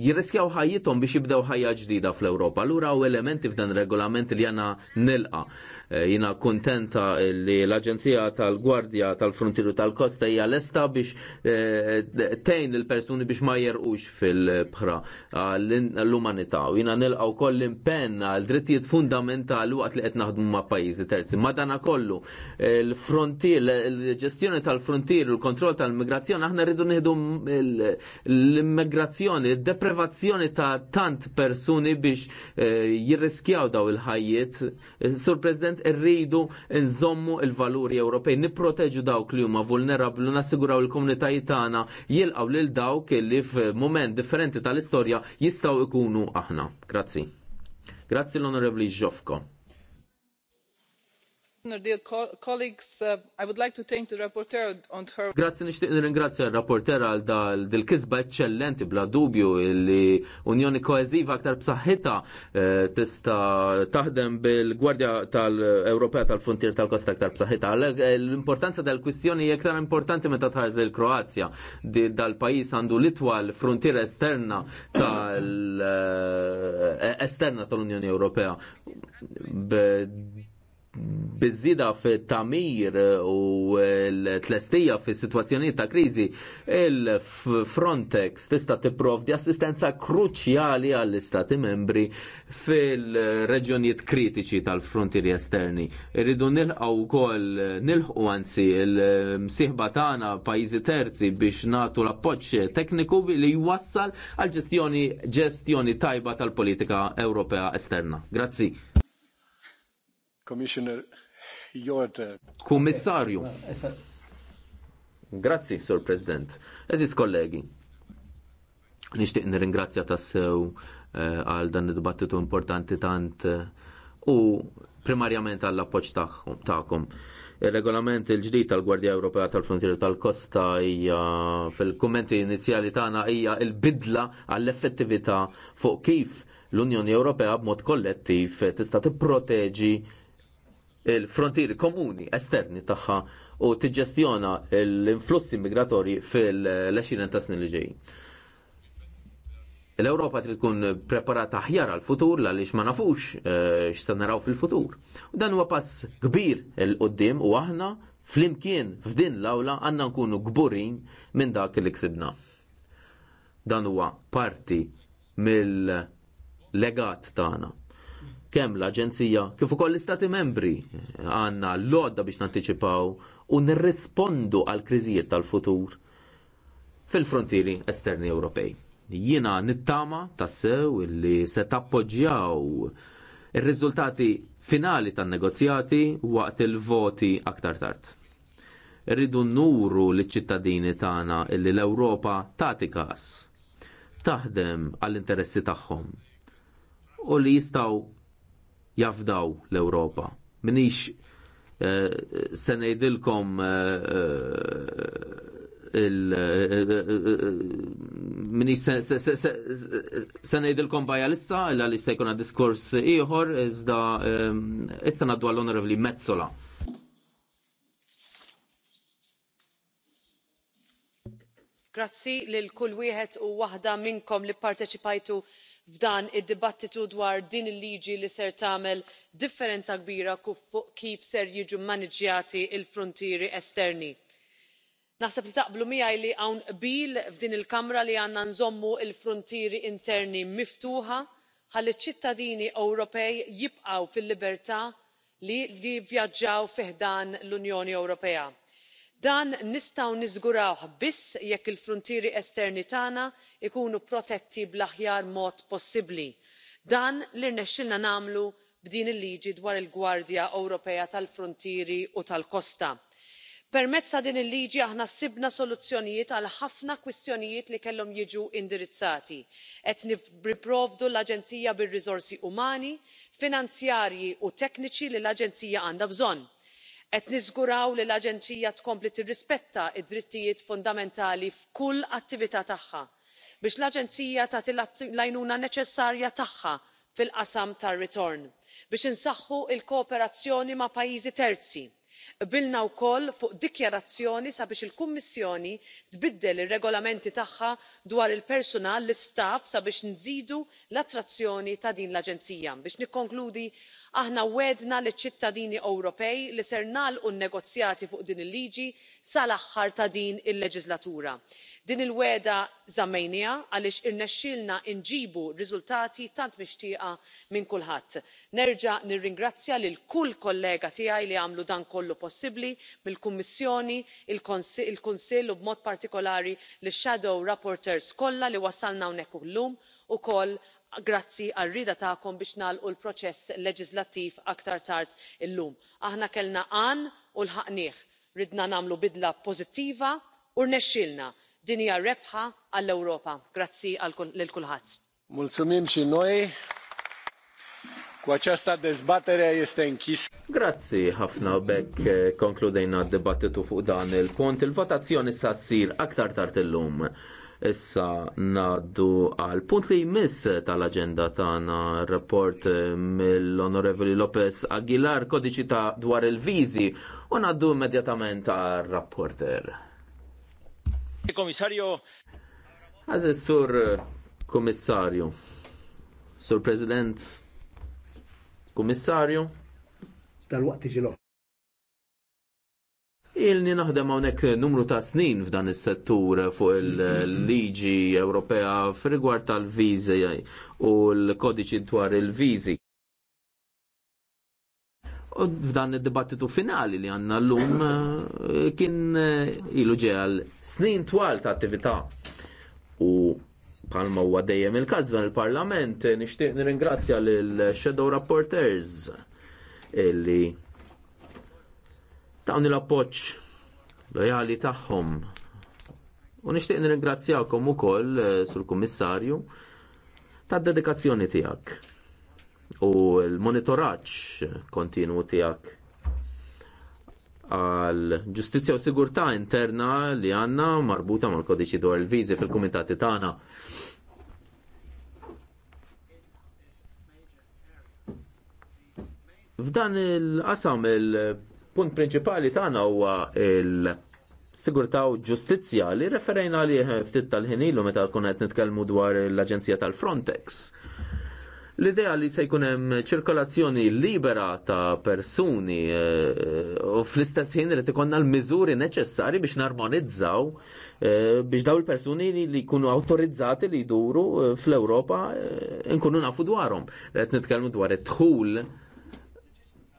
jirriskjaw ħajjithom biex jibdew ħajja ġdida fl-Ewropa. Allura u elementi f'dan regolament li għandna nilqa' Eh, jina kontenta li l-Aġenzija tal-Gwardja tal-Frontieru tal-Kosta hija lesta biex eh, tejn il-persuni biex ma jerqux fil-bħra l-umanità. Jina nilqaw koll impenn għal drittijiet fundamentali waqt li qed naħdmu ma' pajjiżi terzi. Madana kollu il-frontier, il-ġestjoni tal-frontier, il-kontroll tal-migrazzjoni, aħna rridu nieħdu l-immigrazzjoni, deprivazzjoni ta' tant persuni biex eh, jirriskjaw daw il-ħajjiet. Sur President Għalhekk irridu nżommu il-valuri Ewropej, nipproteġu dawk li huma vulnerabbli, nassiguraw il-komunitajiet tagħna jilqgħu lil dawk li f'mument differenti tal-istorja jistgħu ikunu aħna. Grazzi. Grazzi l onorevli Ġofko. Uh, Grazzi nixtieq nirringrazzja r-rapporter għal dal dil-kisba eċċellenti bla dubju li Unjoni Koeziva aktar b'saħħitha eh, tista' taħdem bil-Gwardja tal-Ewropea tal-Frontier tal-Kosta aktar b'saħħitha. L-importanza dal-kwistjoni hija aktar importanti meta tħares il Kroazja. Dal-pajjiż għandu Litwa l-itwal frontiera esterna tal eh, esterna tal-Unjoni Ewropea bizzida fit-tamir u l-tlestija fi situazzjoni ta' krizi, il-Frontex tista' tipprovdi assistenza kruċjali għall-istati membri fil-reġjonijiet kritiċi tal-frontieri esterni. Irridu nilqgħu ukoll nilħu anzi l-msieħba tagħna pajjiżi terzi biex nagħtu l-appoġġ tekniku li jwassal għal ġestjoni ġestjoni tajba tal-politika Ewropea esterna. Grazzi. Commissioner, your Kummissarju. Grazzi, Sur President. Eżis kollegi, nishtiq nirringrazzja tassew eh, għal dan id-dibattitu importanti tant eh, u primarjament għall appoġġ tagħkom. Il-regolament il-ġdid tal-Gwardja Ewropea tal-Frontier tal-Kosta hija fil-kummenti inizjali tagħna hija l-bidla għall-effettività fuq kif l-Unjoni Ewropea b'mod kollettiv tista' tipproteġi il-frontieri komuni esterni tagħha u tiġġestjona l-influssi migratorji fil-20 ta' snin li ġejjin. L-Ewropa trid tkun preparata aħjar għal futur għaliex ma nafux eh, x'se naraw fil-futur. U dan huwa pass kbir il qudiem u aħna flimkien f'din l-awla għandna nkunu gburin minn dak li ksibna. Dan huwa parti mill-legat tagħna kemm l-Aġenzija kif ukoll l-Istati membri għandna l-għodda biex nantiċipaw u nirrispondu għal kriżijiet tal-futur fil-frontieri esterni Ewropej. Jiena nittama tassew illi se tappoġġjaw ir-riżultati finali tan-negozjati waqt il-voti aktar tard. Rridu nuru liċ ċittadini tagħna illi l-Ewropa tagħti każ taħdem għall-interessi tagħhom u li jistgħu jafdaw l-Ewropa. Eh, eh, eh, minix se ngħidilkom minix se ngħidilkom bajja lissa illa li se diskors ieħor iżda istan għaddu għall-Onorevli Mezzola. Grazzi lil kull wieħed u waħda minnkom li pparteċipajtu f'dan id-dibattitu dwar din il-liġi li ser tagħmel differenza kbira fuq kif ser jiġu mmaniġġjati l-fruntieri esterni. naħseb li taqblu miegħi li hawn qbil f'din il-kamra li għandna nżommu l-fruntieri interni miftuħa ħalli ċ-ċittadini ewropej jibqgħu fil-libertà li jivvjaġġaw fi ħdan l-unjoni ewropea dan nistgħu niżguraw biss jekk il-fruntieri esterni tagħna jkunu protetti bl-aħjar mod possibbli dan li rnexxielna nagħmlu b'din il-liġi dwar il gwardja ewropea tal fruntieri u tal kosta. permezz ta' din il-liġi aħna ssibna soluzzjonijiet għal ħafna kwistjonijiet li kellhom jiġu indirizzati qed nipprovdu l aġenzija bir riżorsi umani finanzjarji u tekniċi li l aġenzija għandha bżonn qed niżguraw li l-aġenzija tkompli tirrispetta d drittijiet fundamentali f'kull attività tagħha biex l-aġenzija tagħti l-għajnuna neċessarja tagħha fil qasam tar ritorn biex insaħħu l kooperazzjoni ma' pajjiżi terzi qbilna wkoll fuq dikjarazzjoni sabiex il kummissjoni tbiddel ir-regolamenti tagħha dwar il-personal l-istaff sabiex nżidu l-attrazzjoni ta' din l-aġenzija. biex nikkonkludi aħna wedna liċ-ċittadini ewropej li ser nagħlqu n-negozjati fuq din il-liġi sal aħħar ta' din il-leġislatura. din il-wegħda żammejniha għaliex irnexxielna nġibu riżultati tant mixtieqa minn kulħadd. nerġa' nirringrazzja lil kull kollega tiegħi li għamlu dan kollu kollu possibbli mill-kummissjoni il kunsill u b'mod partikolari lix-shadow rapporteurs kollha li wassalna hawnhekk illum ukoll grazzi għar rieda tagħkom biex nagħlqu l-proċess leġislattiv aktar tard illum. aħna kellna għan u lħaqnieh ridna nagħmlu bidla pożittiva u rnexxielna din hija rebħa għall ewropa. grazzi lil kulħadd. Grazzi ħafna bekk konkludejna d-dibattitu fuq dan il-punt. Il-votazzjoni sa ssir aktar tard illum. Issa naddu għal punt li jmiss tal-agenda tagħna rapport mill-Onorevoli Lopez Aguilar kodiċi ta' dwar il vizi u naddu immedjatament għal rapporter. Komissarju. Għazessur sur komissarju, sur president Kummissarju. dal waqt iġi Ilni naħdem hawnhekk numru ta' snin f'dan is-settur fuq il-liġi Ewropea f'rigward tal-viżi u l-kodiċi dwar il-viżi. U f'dan id-dibattitu finali li għanna l-lum eh, kien eh, ilu ġeħal snin twal ta' attività u Palma huwa dejjem il-każ dan il-Parlament, eh, nixtieq nirringrazzja lill Shadow Rapporters illi tawni l-appoġġ lojali tagħhom. U nixtieq nirringrazzjakom ukoll eh, sur kummissarju tad dedikazzjoni tiegħek u l-monitoraġġ kontinwu tiegħek għal ġustizja u sigurtà interna li għandna marbuta mal-kodiċi dwar il vizi fil-kumitati tagħna. F'dan il-qasam il-punt prinċipali tagħna huwa il- sigurtà u ġustizja li referejna li ftit tal-ħinilu meta kun qed nitkellmu dwar l-Aġenzija tal-Frontex. L-idea li se jkun hemm ċirkolazzjoni libera ta' persuni eh, u fl-istess ħin li tikonna l-miżuri neċessari biex narmonizzaw eh, biex daw il-persuni li jkunu awtorizzati li jduru eh, fl-Ewropa nkunu nafu dwarhom. Qed nitkellmu dwar it-tħul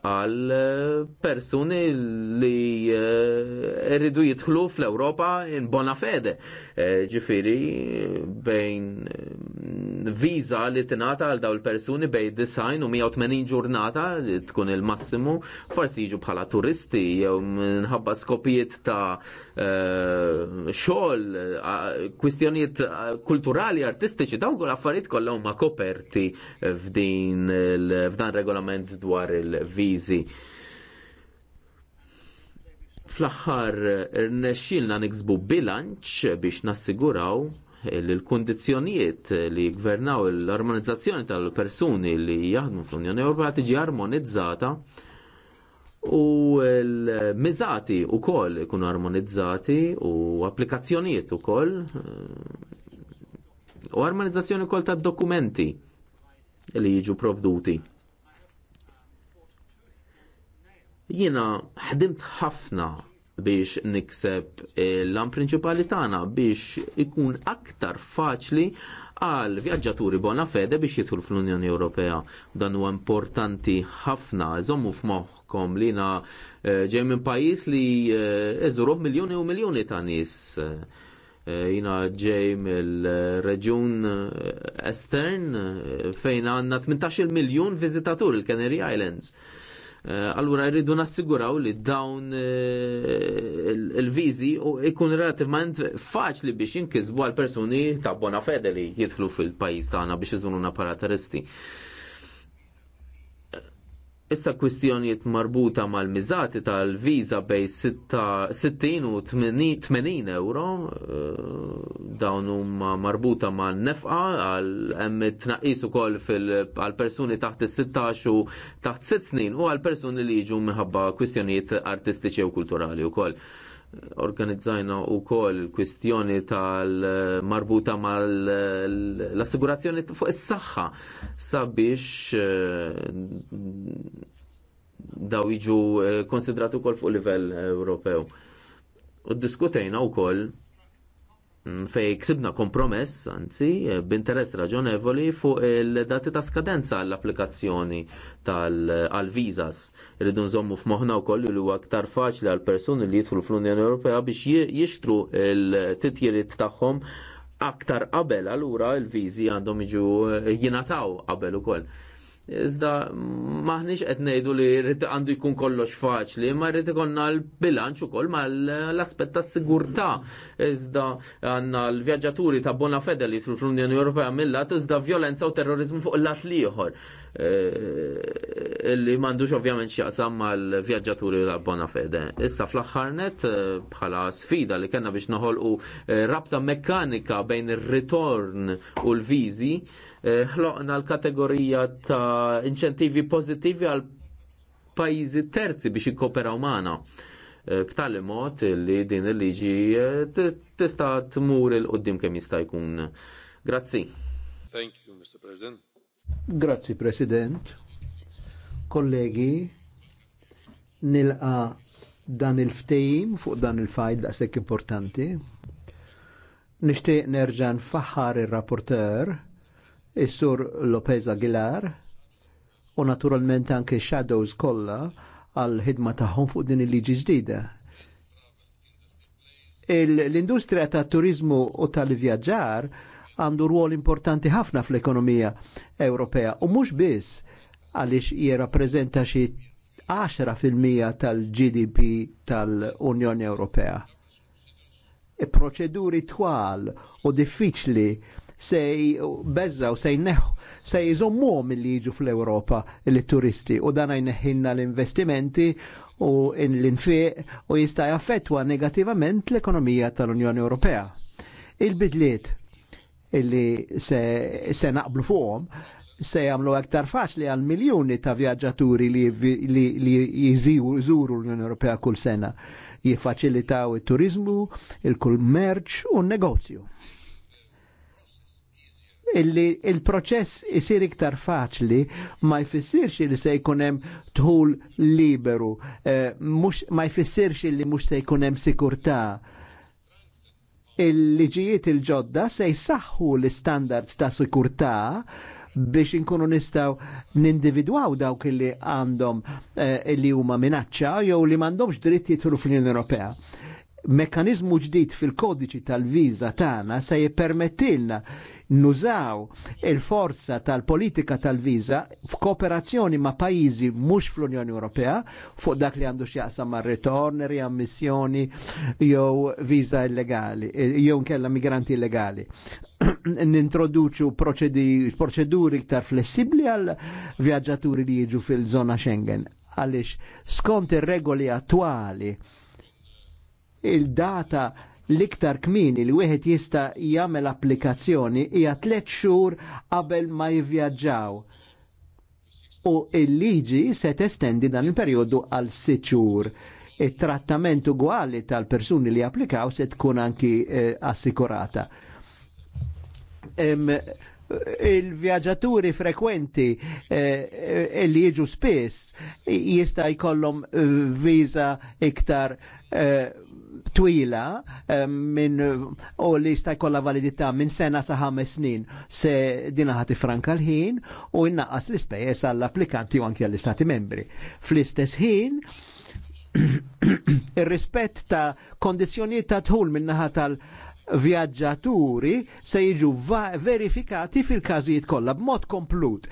għal eh, persuni li eh, rridu jidħlu fl-Europa in bona fede. Eh, ġifiri, bejn viza li tinata għal daw l-persuni bejn design u 180 ġurnata li tkun il-massimu, forsi jiġu bħala turisti jew minħabba skopijiet ta' xogħol, kwistjonijiet kulturali, artistiċi, daw l-affarijiet kollha huma koperti f'din f'dan regolament dwar il-viza kriżi. Fl-aħħar rnexxilna niksbu bilanċ biex nassiguraw li l kundizzjonijiet li gvernaw l-armonizzazzjoni tal-persuni li jaħdmu fl-Unjoni Ewropea tiġi armonizzata u l-mizati u koll ikunu armonizzati u applikazzjonijiet u koll eh, u armonizzazzjoni u koll ta' dokumenti li jiġu provduti. Jiena ħdimt ħafna biex nikseb l-lan eh, prinċipali tagħna biex ikun aktar faċli għal vjaġġaturi bona fede biex jidħlu fl-Unjoni Ewropea. Dan huwa importanti ħafna. Żommu f'moħħkom li na eh, ġej minn pajjiż li eh, eżurob miljoni u miljoni ta' nies. Jina ġej mill-reġun estern fejn għandna 18 miljun viżitatur il-Canary Islands. Eh, allura rridu nassiguraw li dawn eh, il-viżi ikun relativament faċli biex jinkisbu għal persuni ta' bona fede li jidħlu fil-pajjiż tagħna biex iżunu na Issa kwistjonijiet marbuta mal-miżati tal-viza bej 60 u 80 euro eh, dawn huma marbuta mal nefqa għal hemm tnaqqis ukoll għal persuni taħt is-16 u taħt 6 snin u għal persuni li jiġu minħabba kwistjonijiet artistiċi u kulturali wkoll organizzajna u kol kwistjoni tal-marbuta mal-assigurazzjoni fuq is-saħħa sabiex eh, daw iġu eh, konsidrati wkoll fuq livell Ewropew. U diskutejna wkoll Mm, fej ksibna kompromess, anzi, b'interess raġonevoli fuq il-dati ta' skadenza għall-applikazzjoni tal-vizas. Rridu nżommu f'moħna u koll li huwa aktar faċli għal persuni li jitħlu fl-Unjoni Ewropea biex jixtru il-titjiriet tagħhom aktar qabel allura il-viżi għandhom jiġu jingħataw qabel ukoll Iżda maħniġ qed ngħidu li rrid għandu jkun kollox faċli, ma rrid ikonna l-bilanċ ukoll ma l-aspett tas-sigurtà. Iżda għandna l-vjaġġaturi ta' bona fede li fl-Unjoni Ewropea millat iżda violenza u terrorizmu fuq l lat liħor. Eh, li mandux ovvjament x'jaqsam mal-vjaġġaturi l bona fede. Issa fl-aħħar net eh, bħala sfida li kellna biex noħolqu eh, rabta mekkanika bejn ir-ritorn u l-viżi ħloqna l-kategorija ta' inċentivi pożittivi għal pajjiżi terzi biex jikkoperaw magħna b'tali mod li din il-liġi tista' tmur il-qoddim kemm jista' jkun. Grazzi. Thank you, Mr. President. Grazzi President, kollegi, nilqa dan il-ftejim fuq dan il-fajl daqshekk importanti. Nixtieq nerġa' nfaħħar ir-rapporteur, is-sur Lopez Aguilar, u naturalment anke shadows kollha għal ħidma tagħhom fuq din il-liġi ġdida. L-industrija tat-turizmu u tal-vjaġġar għandu rwol importanti ħafna fl-ekonomija Ewropea u mhux biss għaliex jirrappreżenta xi 10% tal-GDP tal-Unjoni Ewropea. E proċeduri twal u diffiċli se bezzaw, se jneħu, se jizommuhom li jiġu fl-Europa l-turisti u dan jneħħinna l-investimenti u l-infiq u jista' jaffettwa negativament l-ekonomija tal-Unjoni Ewropea. Il-bidliet illi se, se naqblu fuqhom se jagħmlu aktar faċli għal miljuni ta' vjaġġaturi li, li, li jżuru l-Unjoni Ewropea kull sena jiffaċilitaw it-turizmu, il-kummerċ u n-negozju. Il-proċess il isir iktar faċli ma jfissirx li se jkunem tħul liberu, eh, mux, ma jfissirx li mux se jkunem sikurta' il-liġijiet il-ġodda se jsaħħu l-standards ta' sikurtà biex inkunu nistaw nindividwaw dawk li għandhom eh, li huma minaċċa jew li m'għandhomx dritt jitru fl-Unjoni Ewropea mekanizmu ġdid fil-kodiċi tal-viza tagħna se jippermettilna nużaw il-forza tal-politika tal-viza f'kooperazzjoni ma' pajjiżi mhux fl-Unjoni Ewropea fuq dak li għandu x'jaqsam mar ritorn, riammissjoni jew viza illegali, eh, jew nkella migranti illegali. Nintroduċu proċeduri iktar flessibbli għal vjaġġaturi li jiġu fil-żona Schengen għaliex skont ir-regoli attwali il-data l-iktar kmini li wieħed jista' jagħmel applikazzjoni hija tliet xhur qabel ma jivvjaġġaw. U l-liġi se testendi dan il-perjodu għal sitt xhur. It-trattament ugwali tal-persuni li applikaw se tkun anki eh, assikurata il-vjaġġaturi frekwenti eh, eh li jiġu spiss jista' jkollhom eh, viża iktar eh, twila eh, minn u li jista' jkollha validità minn sena sa' ħames snin se din ħati franka l-ħin u jnaqqas l-ispejjeż għall-applikanti u anke għall-istati membri. Fl-istess ħin ir-rispett ta' kondizzjonijiet ta' tħul minnaħa tal- vjaġġaturi se jiġu verifikati fil-każijiet kollha b'mod komplut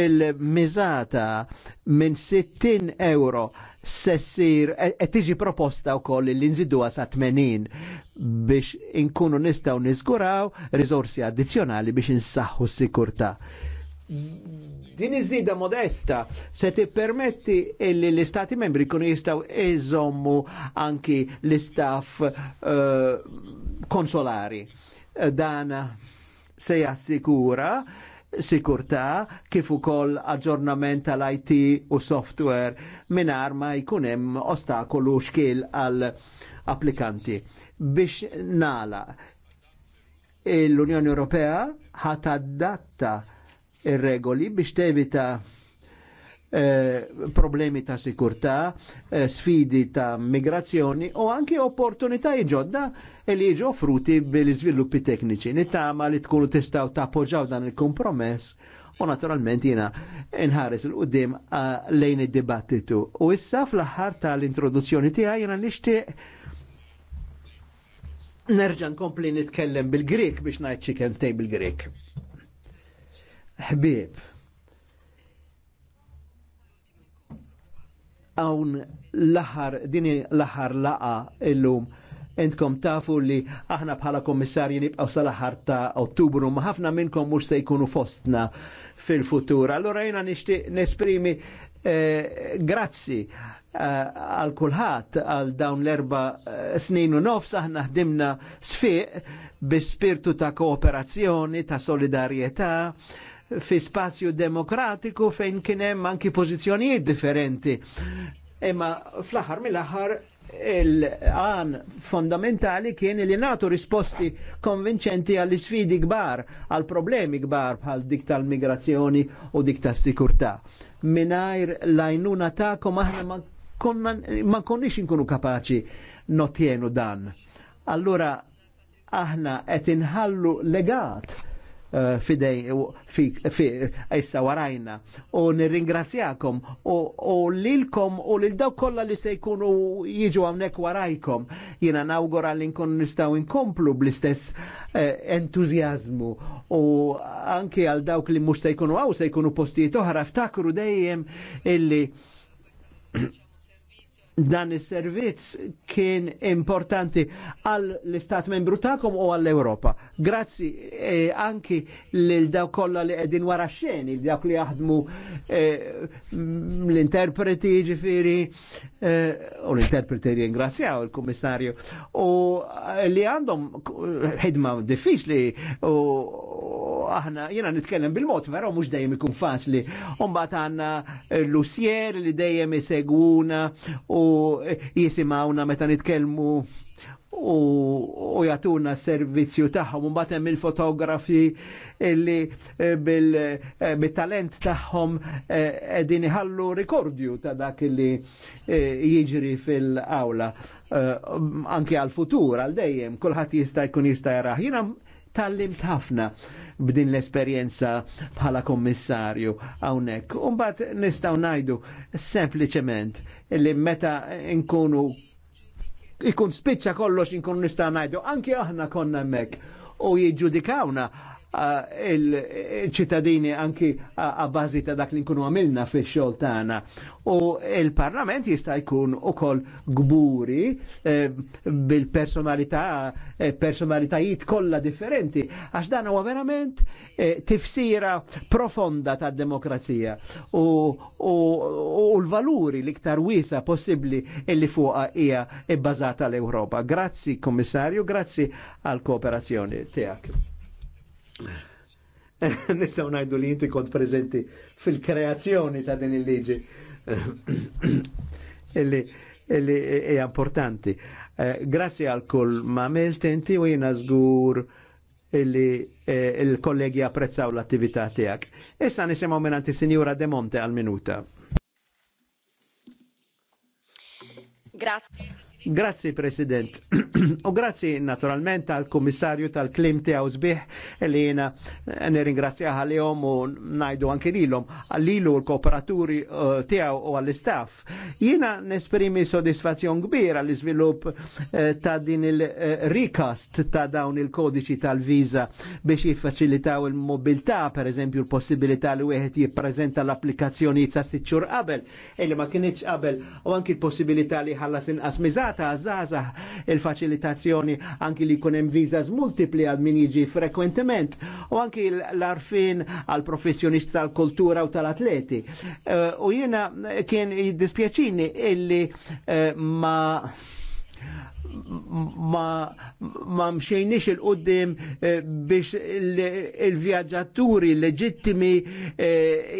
il-mizata minn 60 euro sessir, et e tiġi proposta u koll li nżidduha sa' 80 biex inkunu nistaw nizguraw rizorsi addizjonali biex insaħħu s-sikurta din iżida modesta se permetti li l-istati membri kun jistaw eżommu anki l-istaff uh, konsolari. Dan se jassikura sikurta kif ukoll aġġornament tal-IT u software minar ma jkun hemm ostakolu xkil għal applikanti. Biex nala l-Unjoni Ewropea ħat adatta regoli biex tevita eh, problemi ta' sikurtà, eh, sfidi ta' migrazzjoni u anki opportunità ġodda li jiġu offruti bil-iżviluppi tekniċi. Nittama li tkunu tistaw tappoġġaw dan il-kompromess u naturalment jina nħares il-qoddim eh, lejn id-dibattitu. U issa fl-aħħar tal-introduzzjoni tiegħi jina nixtieq nerġa' nkompli nitkellem bil grik biex ngħid xi kemm bil-Grek ħbieb. Hawn l-aħħar din l-aħħar laqa illum entkom tafu li aħna bħala kommissarji nibqaw sal-aħħar ta' Ottubru ma ħafna minnkom mhux se jkunu fostna fil-futur. Allora jena nixtieq nesprimi eh, grazzi eh, għal eh, kulħadd għal dawn l-erba eh, snin u nofs aħna ħdimna sfiq bi spirtu ta' kooperazzjoni, ta' solidarietà, fi spazju demokratiku fejn kien hemm anki pożizzjonijiet differenti. Imma fl-aħħar mill-aħħar il-għan fondamentali kien li natu risposti konvinċenti għall sfidi gbar, għal problemi gbar bħal dik tal-migrazzjoni u dik tal-sikurta. Minajr lajnuna ta'kom aħna ma konniex inkunu kapaċi notjenu dan. Allura aħna qed inħallu legat Eh, fidej issa warajna. U nirringrazzjakom u lilkom u lil daw kollha li se jkunu jiġu hawnhekk warajkom. Jiena nawgura li nkun nistgħu inkomplu bl-istess eh, entużjażmu u anki għal dawk li mhux se jkunu għaw se jkunu postijiet oħra ftakru dejjem illi dan is-servizz kien importanti għall l-Istat membru tagħkom u għall europa Grazzi eh, anki lil daw kollha li qegħdin wara xeni, dawk li jaħdmu eh, l-interpreti ġifiri eh, u l-interpreti ringrazzjaw il-Kummissarju u li għandhom ħidma diffiċli u aħna jiena nitkellem bil-mod, però mhux dejjem ikun faċli. Umbagħad għandna l-usjer li dejjem isegwuna u jisimgħuna meta nitkellmu u, jagħtuna jatuna servizzju tagħhom u mbagħad hemm il-fotografi illi eh, bil-talent eh, tagħhom eh, qegħdin iħallu rikordju ta' dak li jiġri fil-awla anke għal futur għal dejjem kulħadd jista' jkun jista' jaraħ. Jiena tallimt ħafna b'din l-esperjenza bħala kommissarju hawnhekk. Umbagħad nistgħu najdu sempliċement li meta nkunu ikun spiċċa kollox nkunu nistaw najdu, anke aħna konna hemmhekk u jiġġudikawna Eh, il-ċittadini anki għabbażi eh, ta' dak li nkunu għamilna fi xol tagħna. U il-Parlament jista' jkun u koll gburi eh, bil-personalità, personalitajiet kollha differenti, għax dan huwa verament tifsira profonda ta' demokrazija u l-valuri l-iktar wiesa possibbli illi fuqa hija bbażata l-Ewropa. Grazzi Kommissarju, grazzi għal kooperazzjoni tiegħek. Nistaw najdu li jinti kont prezenti fil-kreazzjoni ta' din il-liġi. illi e importanti. Eh, Grazzi għal kull ma' milt u jina zgur illi eh, il-kollegi apprezzaw l-attività tijak. Issa nisimaw minn Sinjura De Monte għal minuta. Grazie. Grazzi President. U grazzi naturalment tal komissarju tal-klim tiegħu sbieħ li jiena nirringrazzjaha lihom u ngħidu anke lilhom lilu l-kooperaturi uh, tiegħu u għall-istaff. Jiena nesprimi sodisfazzjon kbira l iżvilupp uh, eh, ta' din il-recast eh, ta' dawn il-kodiċi tal-viża biex jiffaċilitaw il-mobilità, per eżempju l-possibilità li wieħed jippreżenta l-applikazzjoni sa' siċċur qabel, illi ma kienx qabel, u anki l-possibilità li ħallas inqas miżat ta' zaza il-facilitazzjoni anki li kunem vizas multipli għal min jiġi frekwentement u anki l-arfin għal professjonisti tal-kultura u tal-atleti. Eh, u jena kien jiddispjaċini illi eh, ma ma, ma mxejnix il-qoddim eh, biex il-vjaġġaturi leġittimi eh,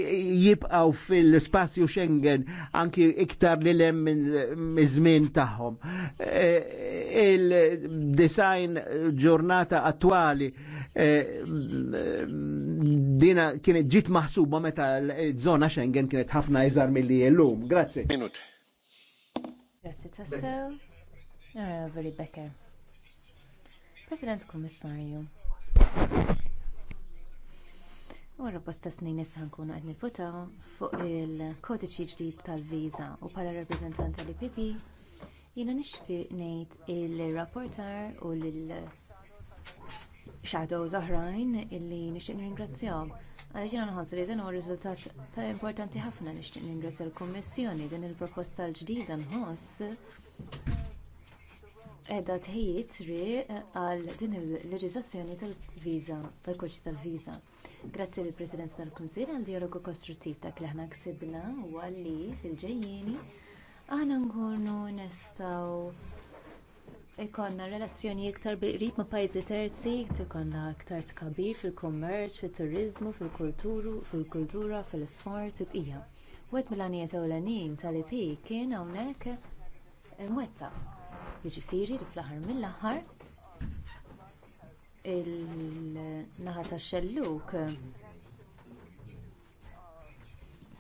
jibqaw fil-spazju Schengen anki iktar li lem mizmin taħħom. Eh, il-design ġurnata attuali dina kienet ġit maħsuba meta l-zona Schengen kienet ħafna iżar mill-li jellum. Grazie. Minut. Grazie tassew. Becker. President Kummissarju. Wara bosta snin issa nkunu qed nifutaw fuq il-kodiċi ġdid tal-viża u bħala rappreżentant li pipi jiena nixtieq ngħid il-rapportar u lil shadows oħrajn illi nixtieq nirringrazzjahom għaliex jiena nħossu li dan huwa ta' importanti ħafna nixtieq ningrazzja l-Kummissjoni din il-proposta l-ġdida nħoss qiegħda tħejjid triq eh, għal din il-leġiżlazzjoni tal-viża tal-kodiċi tal-viża. Grazzi lill presidenza tal-Kunsill għal dijalogu kostruttiv ta' li aħna ksibna u li fil-ġejjieni aħna nkunu nistgħu ikonna relazzjoni iktar qrib ma' pajjiżi terzi, ikonna aktar tkabir fil-kummerċ, fit-turiżmu, fil-kultura, fil-isfort, tibqija. Wet mill-għanijiet ewlenin tal-IP kien hawnhekk imwettaq jiġifieri li fl-aħħar mill-aħħar il-naħa tax-xelluk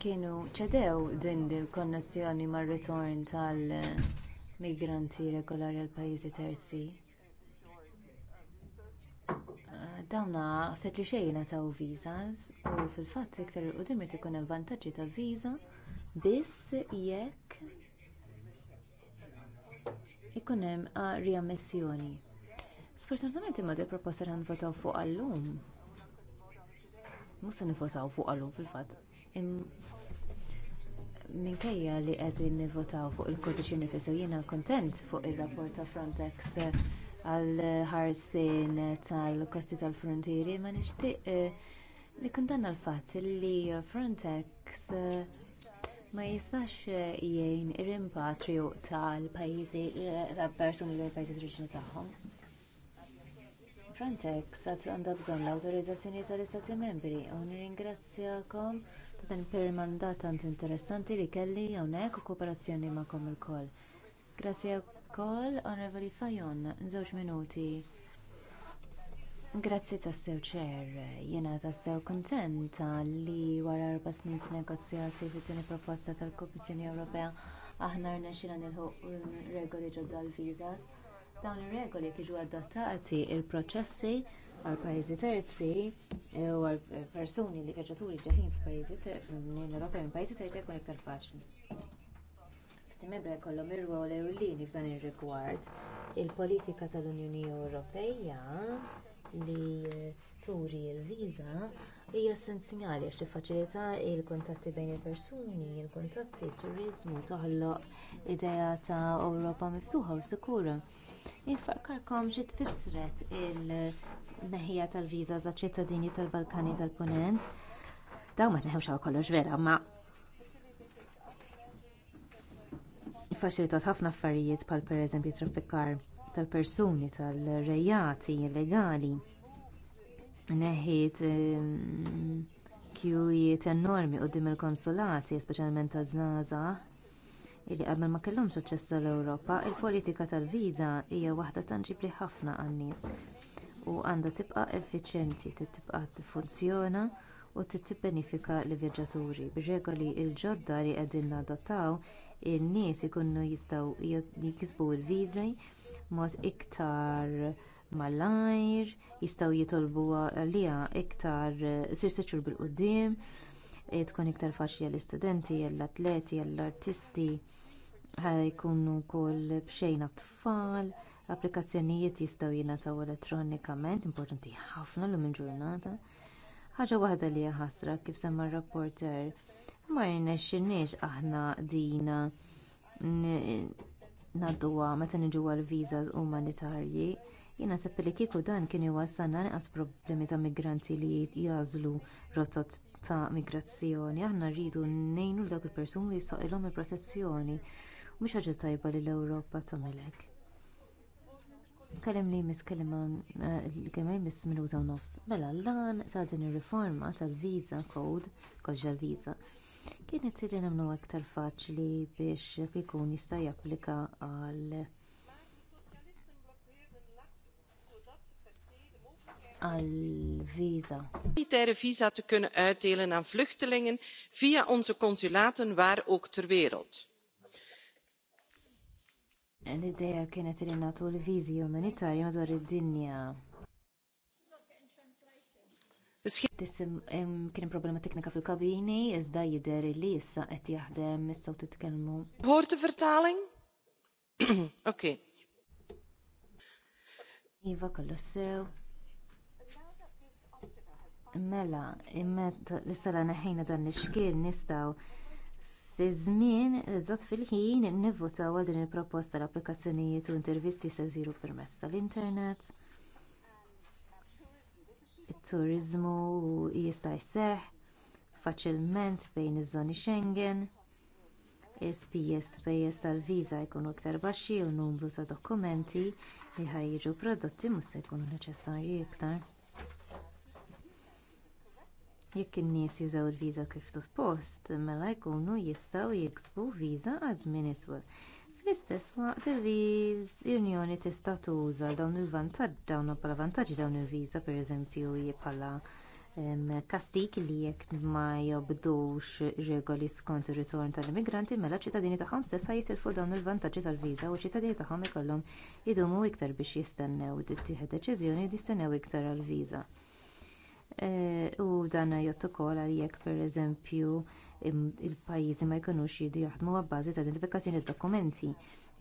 kienu ċedew din il-konnezzjoni mar-ritorn tal-migranti regolari għal pajjiżi terzi. Dawna ftit li xejn taw visas u fil-fatt iktar il-qudiem irid ikun hemm vantaġġi ta' viża biss jekk ikun hemm riammissjoni. Sfortunatament imma di proposta li nvotaw fuq għallum. se nivvotaw fuq għallum fil-fatt. Minkejja li qegħdin nivvotaw fuq il-kodiċi nifisu jiena kuntent fuq ir-rapport ta' Frontex għal ħarsien tal-kosti tal-frontieri ma nixtieq eh, nikkundanna l-fatt li Frontex eh, ma jistax eh, jgħin rimpatriju tal-pajjiżi eh, tal-persuni lejn pajjiżi oriġini tagħhom. Frontex għad għandha bżonn l-awtorizzazzjoni tal-Istati Membri u nirringrazzjakom ta' dan permandat tant interessanti li kelli hawnhekk u kooperazzjoni magħkom ukoll. Grazzi wkoll Onorevoli Fajon, żewġ minuti. Grazzi tassew ċer, Jiena tassew kuntenta li wara erba' snin negozjati fit-tieni proposta tal-Kummissjoni Ewropea aħna xina nilħu regoli ġodda l-viżas. Dawn ir-regoli kienu adattati l proċessi għal pajjiżi terzi e, u għal persuni li vjaġġaturi ġeħin f'pajjiżi terzi minn Ewropea minn pajjiżi terzi jkun iktar faċli. Sitti membra jkollhom ir-rwol ewlieni f'dan ir-rigward. Il-politika tal-Unjoni Ewropea li eh, turi l-viża hija essenzjali għax tiffaċilita l-kuntatti bejn il-persuni, il-kuntatti, it-turiżmu toħloq idea ta' Ewropa miftuħa u sikura. Infakkarkom xi tfissret il-neħija tal-viża za' ċittadini tal-Balkani tal-Punent. Daw ma tneħewx għal kollox vera, ma faċilitat ħafna affarijiet bħal pereżempju traffikar tal-persuni tal-rejati illegali neħiet ehm, kjujiet enormi quddiem il-konsulati speċjalment taż-żgħażagħ li qabel ma kellhom suċċess tal-ewropa il-politika tal-viża hija waħda tanġibli ħafna għan-nies u għandha tibqa' effiċjenti tibqa' tiffunzjona u tibbenefika lill-vjaġġaturi bir-regoli l-ġodda li qegħdin nadataw in-nies ikunu jistgħu jiksbu l-viżi b'mod iktar malajr jistgħu jitolbu għaliha iktar sirseċur bil-qudiem eh, tkun iktar faċli għall-istudenti għall-atleti għall-artisti jkunu wkoll b'xejn tfal applikazzjonijiet jistgħu jingħataw elettronikament importanti ħafna llum il-ġurnata ħaġa waħda li hija ħasra kif semma r-rapporter ma rnexxinniex aħna dina ngħadduha meta niġu għall-viżas umanitarji jien naħseb li kieku dan kien iwassalna inqas problemi ta' migranti li jażlu rotot ta' migrazzjoni aħna rridu ngħinu lil dawk il-persuni li ilhom il-protezzjoni u mhux ħaġa tajba li l-ewropa tagħmilek. hekk kellimni miss kelliman eh, miss minuta u nofs mela l-lan ta' din ir-riforma tal-visa code koġġa l kien itsir nagħmlu aktar faċli biex ikun jista' japplika għal humanitaire visa te kunnen uitdelen aan vluchtelingen via onze consulaten waar ook ter wereld. l-idea kienet li nagħtu l-viżi umanitarji madwar id-dinja Tissim kien problema teknika fil-kabini, iżda jider li issa qed jaħdem issa u titkellmu. Hoort vertaling? ok. Iva kollu sew. Mela, immet l sara neħejna dan l-xkil nistaw fi żmien eżatt fil-ħin nivvotaw għal din il-proposta l-applikazzjonijiet u intervisti sew jsiru permezz tal-internet it-turiżmu jista' jseħħ faċilment bejn iż-żoni Schengen. Ispejjeż tal-viża jkunu iktar baxxi u n-numru ta' dokumenti li ħajjiġu prodotti mhux se jkunu neċessarji iktar. Jekk in-nies jużaw il-viża kif suppost, mela jkunu jistgħu jiksbu viża għal żmien itwal l istess waqt il-Unjoni tista' tuża dawn il-vantaġġ dawn bħala vantaġġi dawn il-viża pereżempju bħala kastik li jekk ma jobdux regoli skont ir-ritorn tal-immigranti mela ċittadini tagħhom stessa jitilfu dawn il-vantaġġi tal-viża u ċittadini tagħhom ikollhom idumu iktar biex jistennew tittieħed deċiżjoni u jistennew iktar għall-viża. Eh, u dan jgħid ukoll għal jekk pereżempju il-pajjiżi ma jkunux jridu jaħdmu bażi ta' identifikazzjoni dokumenti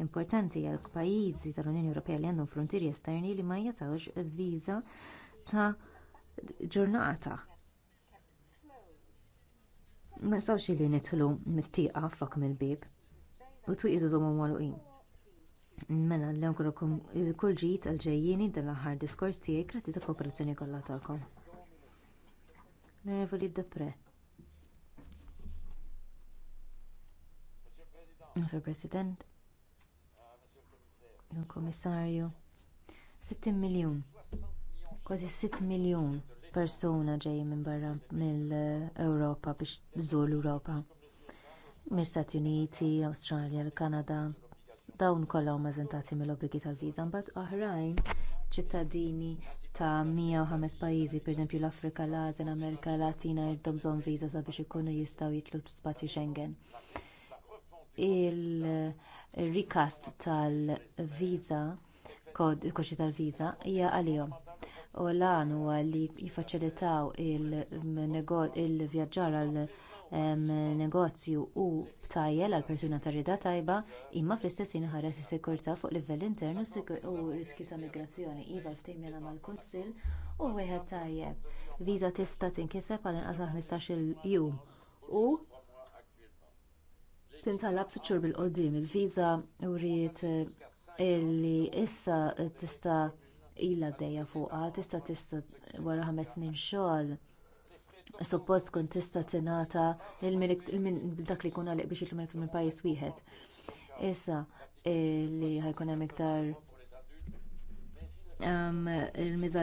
importanti għal pajjiżi tal-Unjoni Ewropea li għandhom frontieri esterni li ma jagħtawx viża ta' ġurnata. Ma jistgħux li nidħlu mit-tieqa flok mill-bib u twieqdu domhom magħluqin. Mela l-lewkom kull ġid għal-ġejjieni dan l-aħħar diskors tiegħi krati ta' kooperazzjoni kollha tagħkom. Nerevoli Depre. Sur President, il kummissarju 60 miljun, kważi 6 miljun persuna ġej minn barra mill-Ewropa biex żżur l-Ewropa. Mir-Stati Uniti, Awstralja, l-Kanada, dawn kollha huma eżentati mill-obbligi tal-viża, mbagħad oħrajn ċittadini ta' 105 pajjiżi, pereżempju l-Afrika, l-Asja, l-Amerika Latina jridhom bżonn viża sabiex ikunu jistgħu jidħlu l-spazju Schengen il rikast tal-viza koċi tal-viza hija għalihom u l-għan huwa li jiffaċilitaw il-vjaġġar għal negozju u btajjel għal persuna tar rida tajba imma fl-istess inħares is-sikurtà fuq livell intern u riskju ta' migrazzjoni iva ftehmilha mal-kunsill u wieħed tajjeb viża tista' tinkiseb għal inqas 15-il jum u tintalab siċur bil-qoddim il-viża uriet eh, illi issa eh, tista' ilha għaddejja fuqha tista' tista' wara ħames snin xogħol suppost tkun tista' tingħata dak li jkun għalq biex jitlu minn pajjiż wieħed. Issa eh, li ħajkun hemm iktar ehm, il-miżat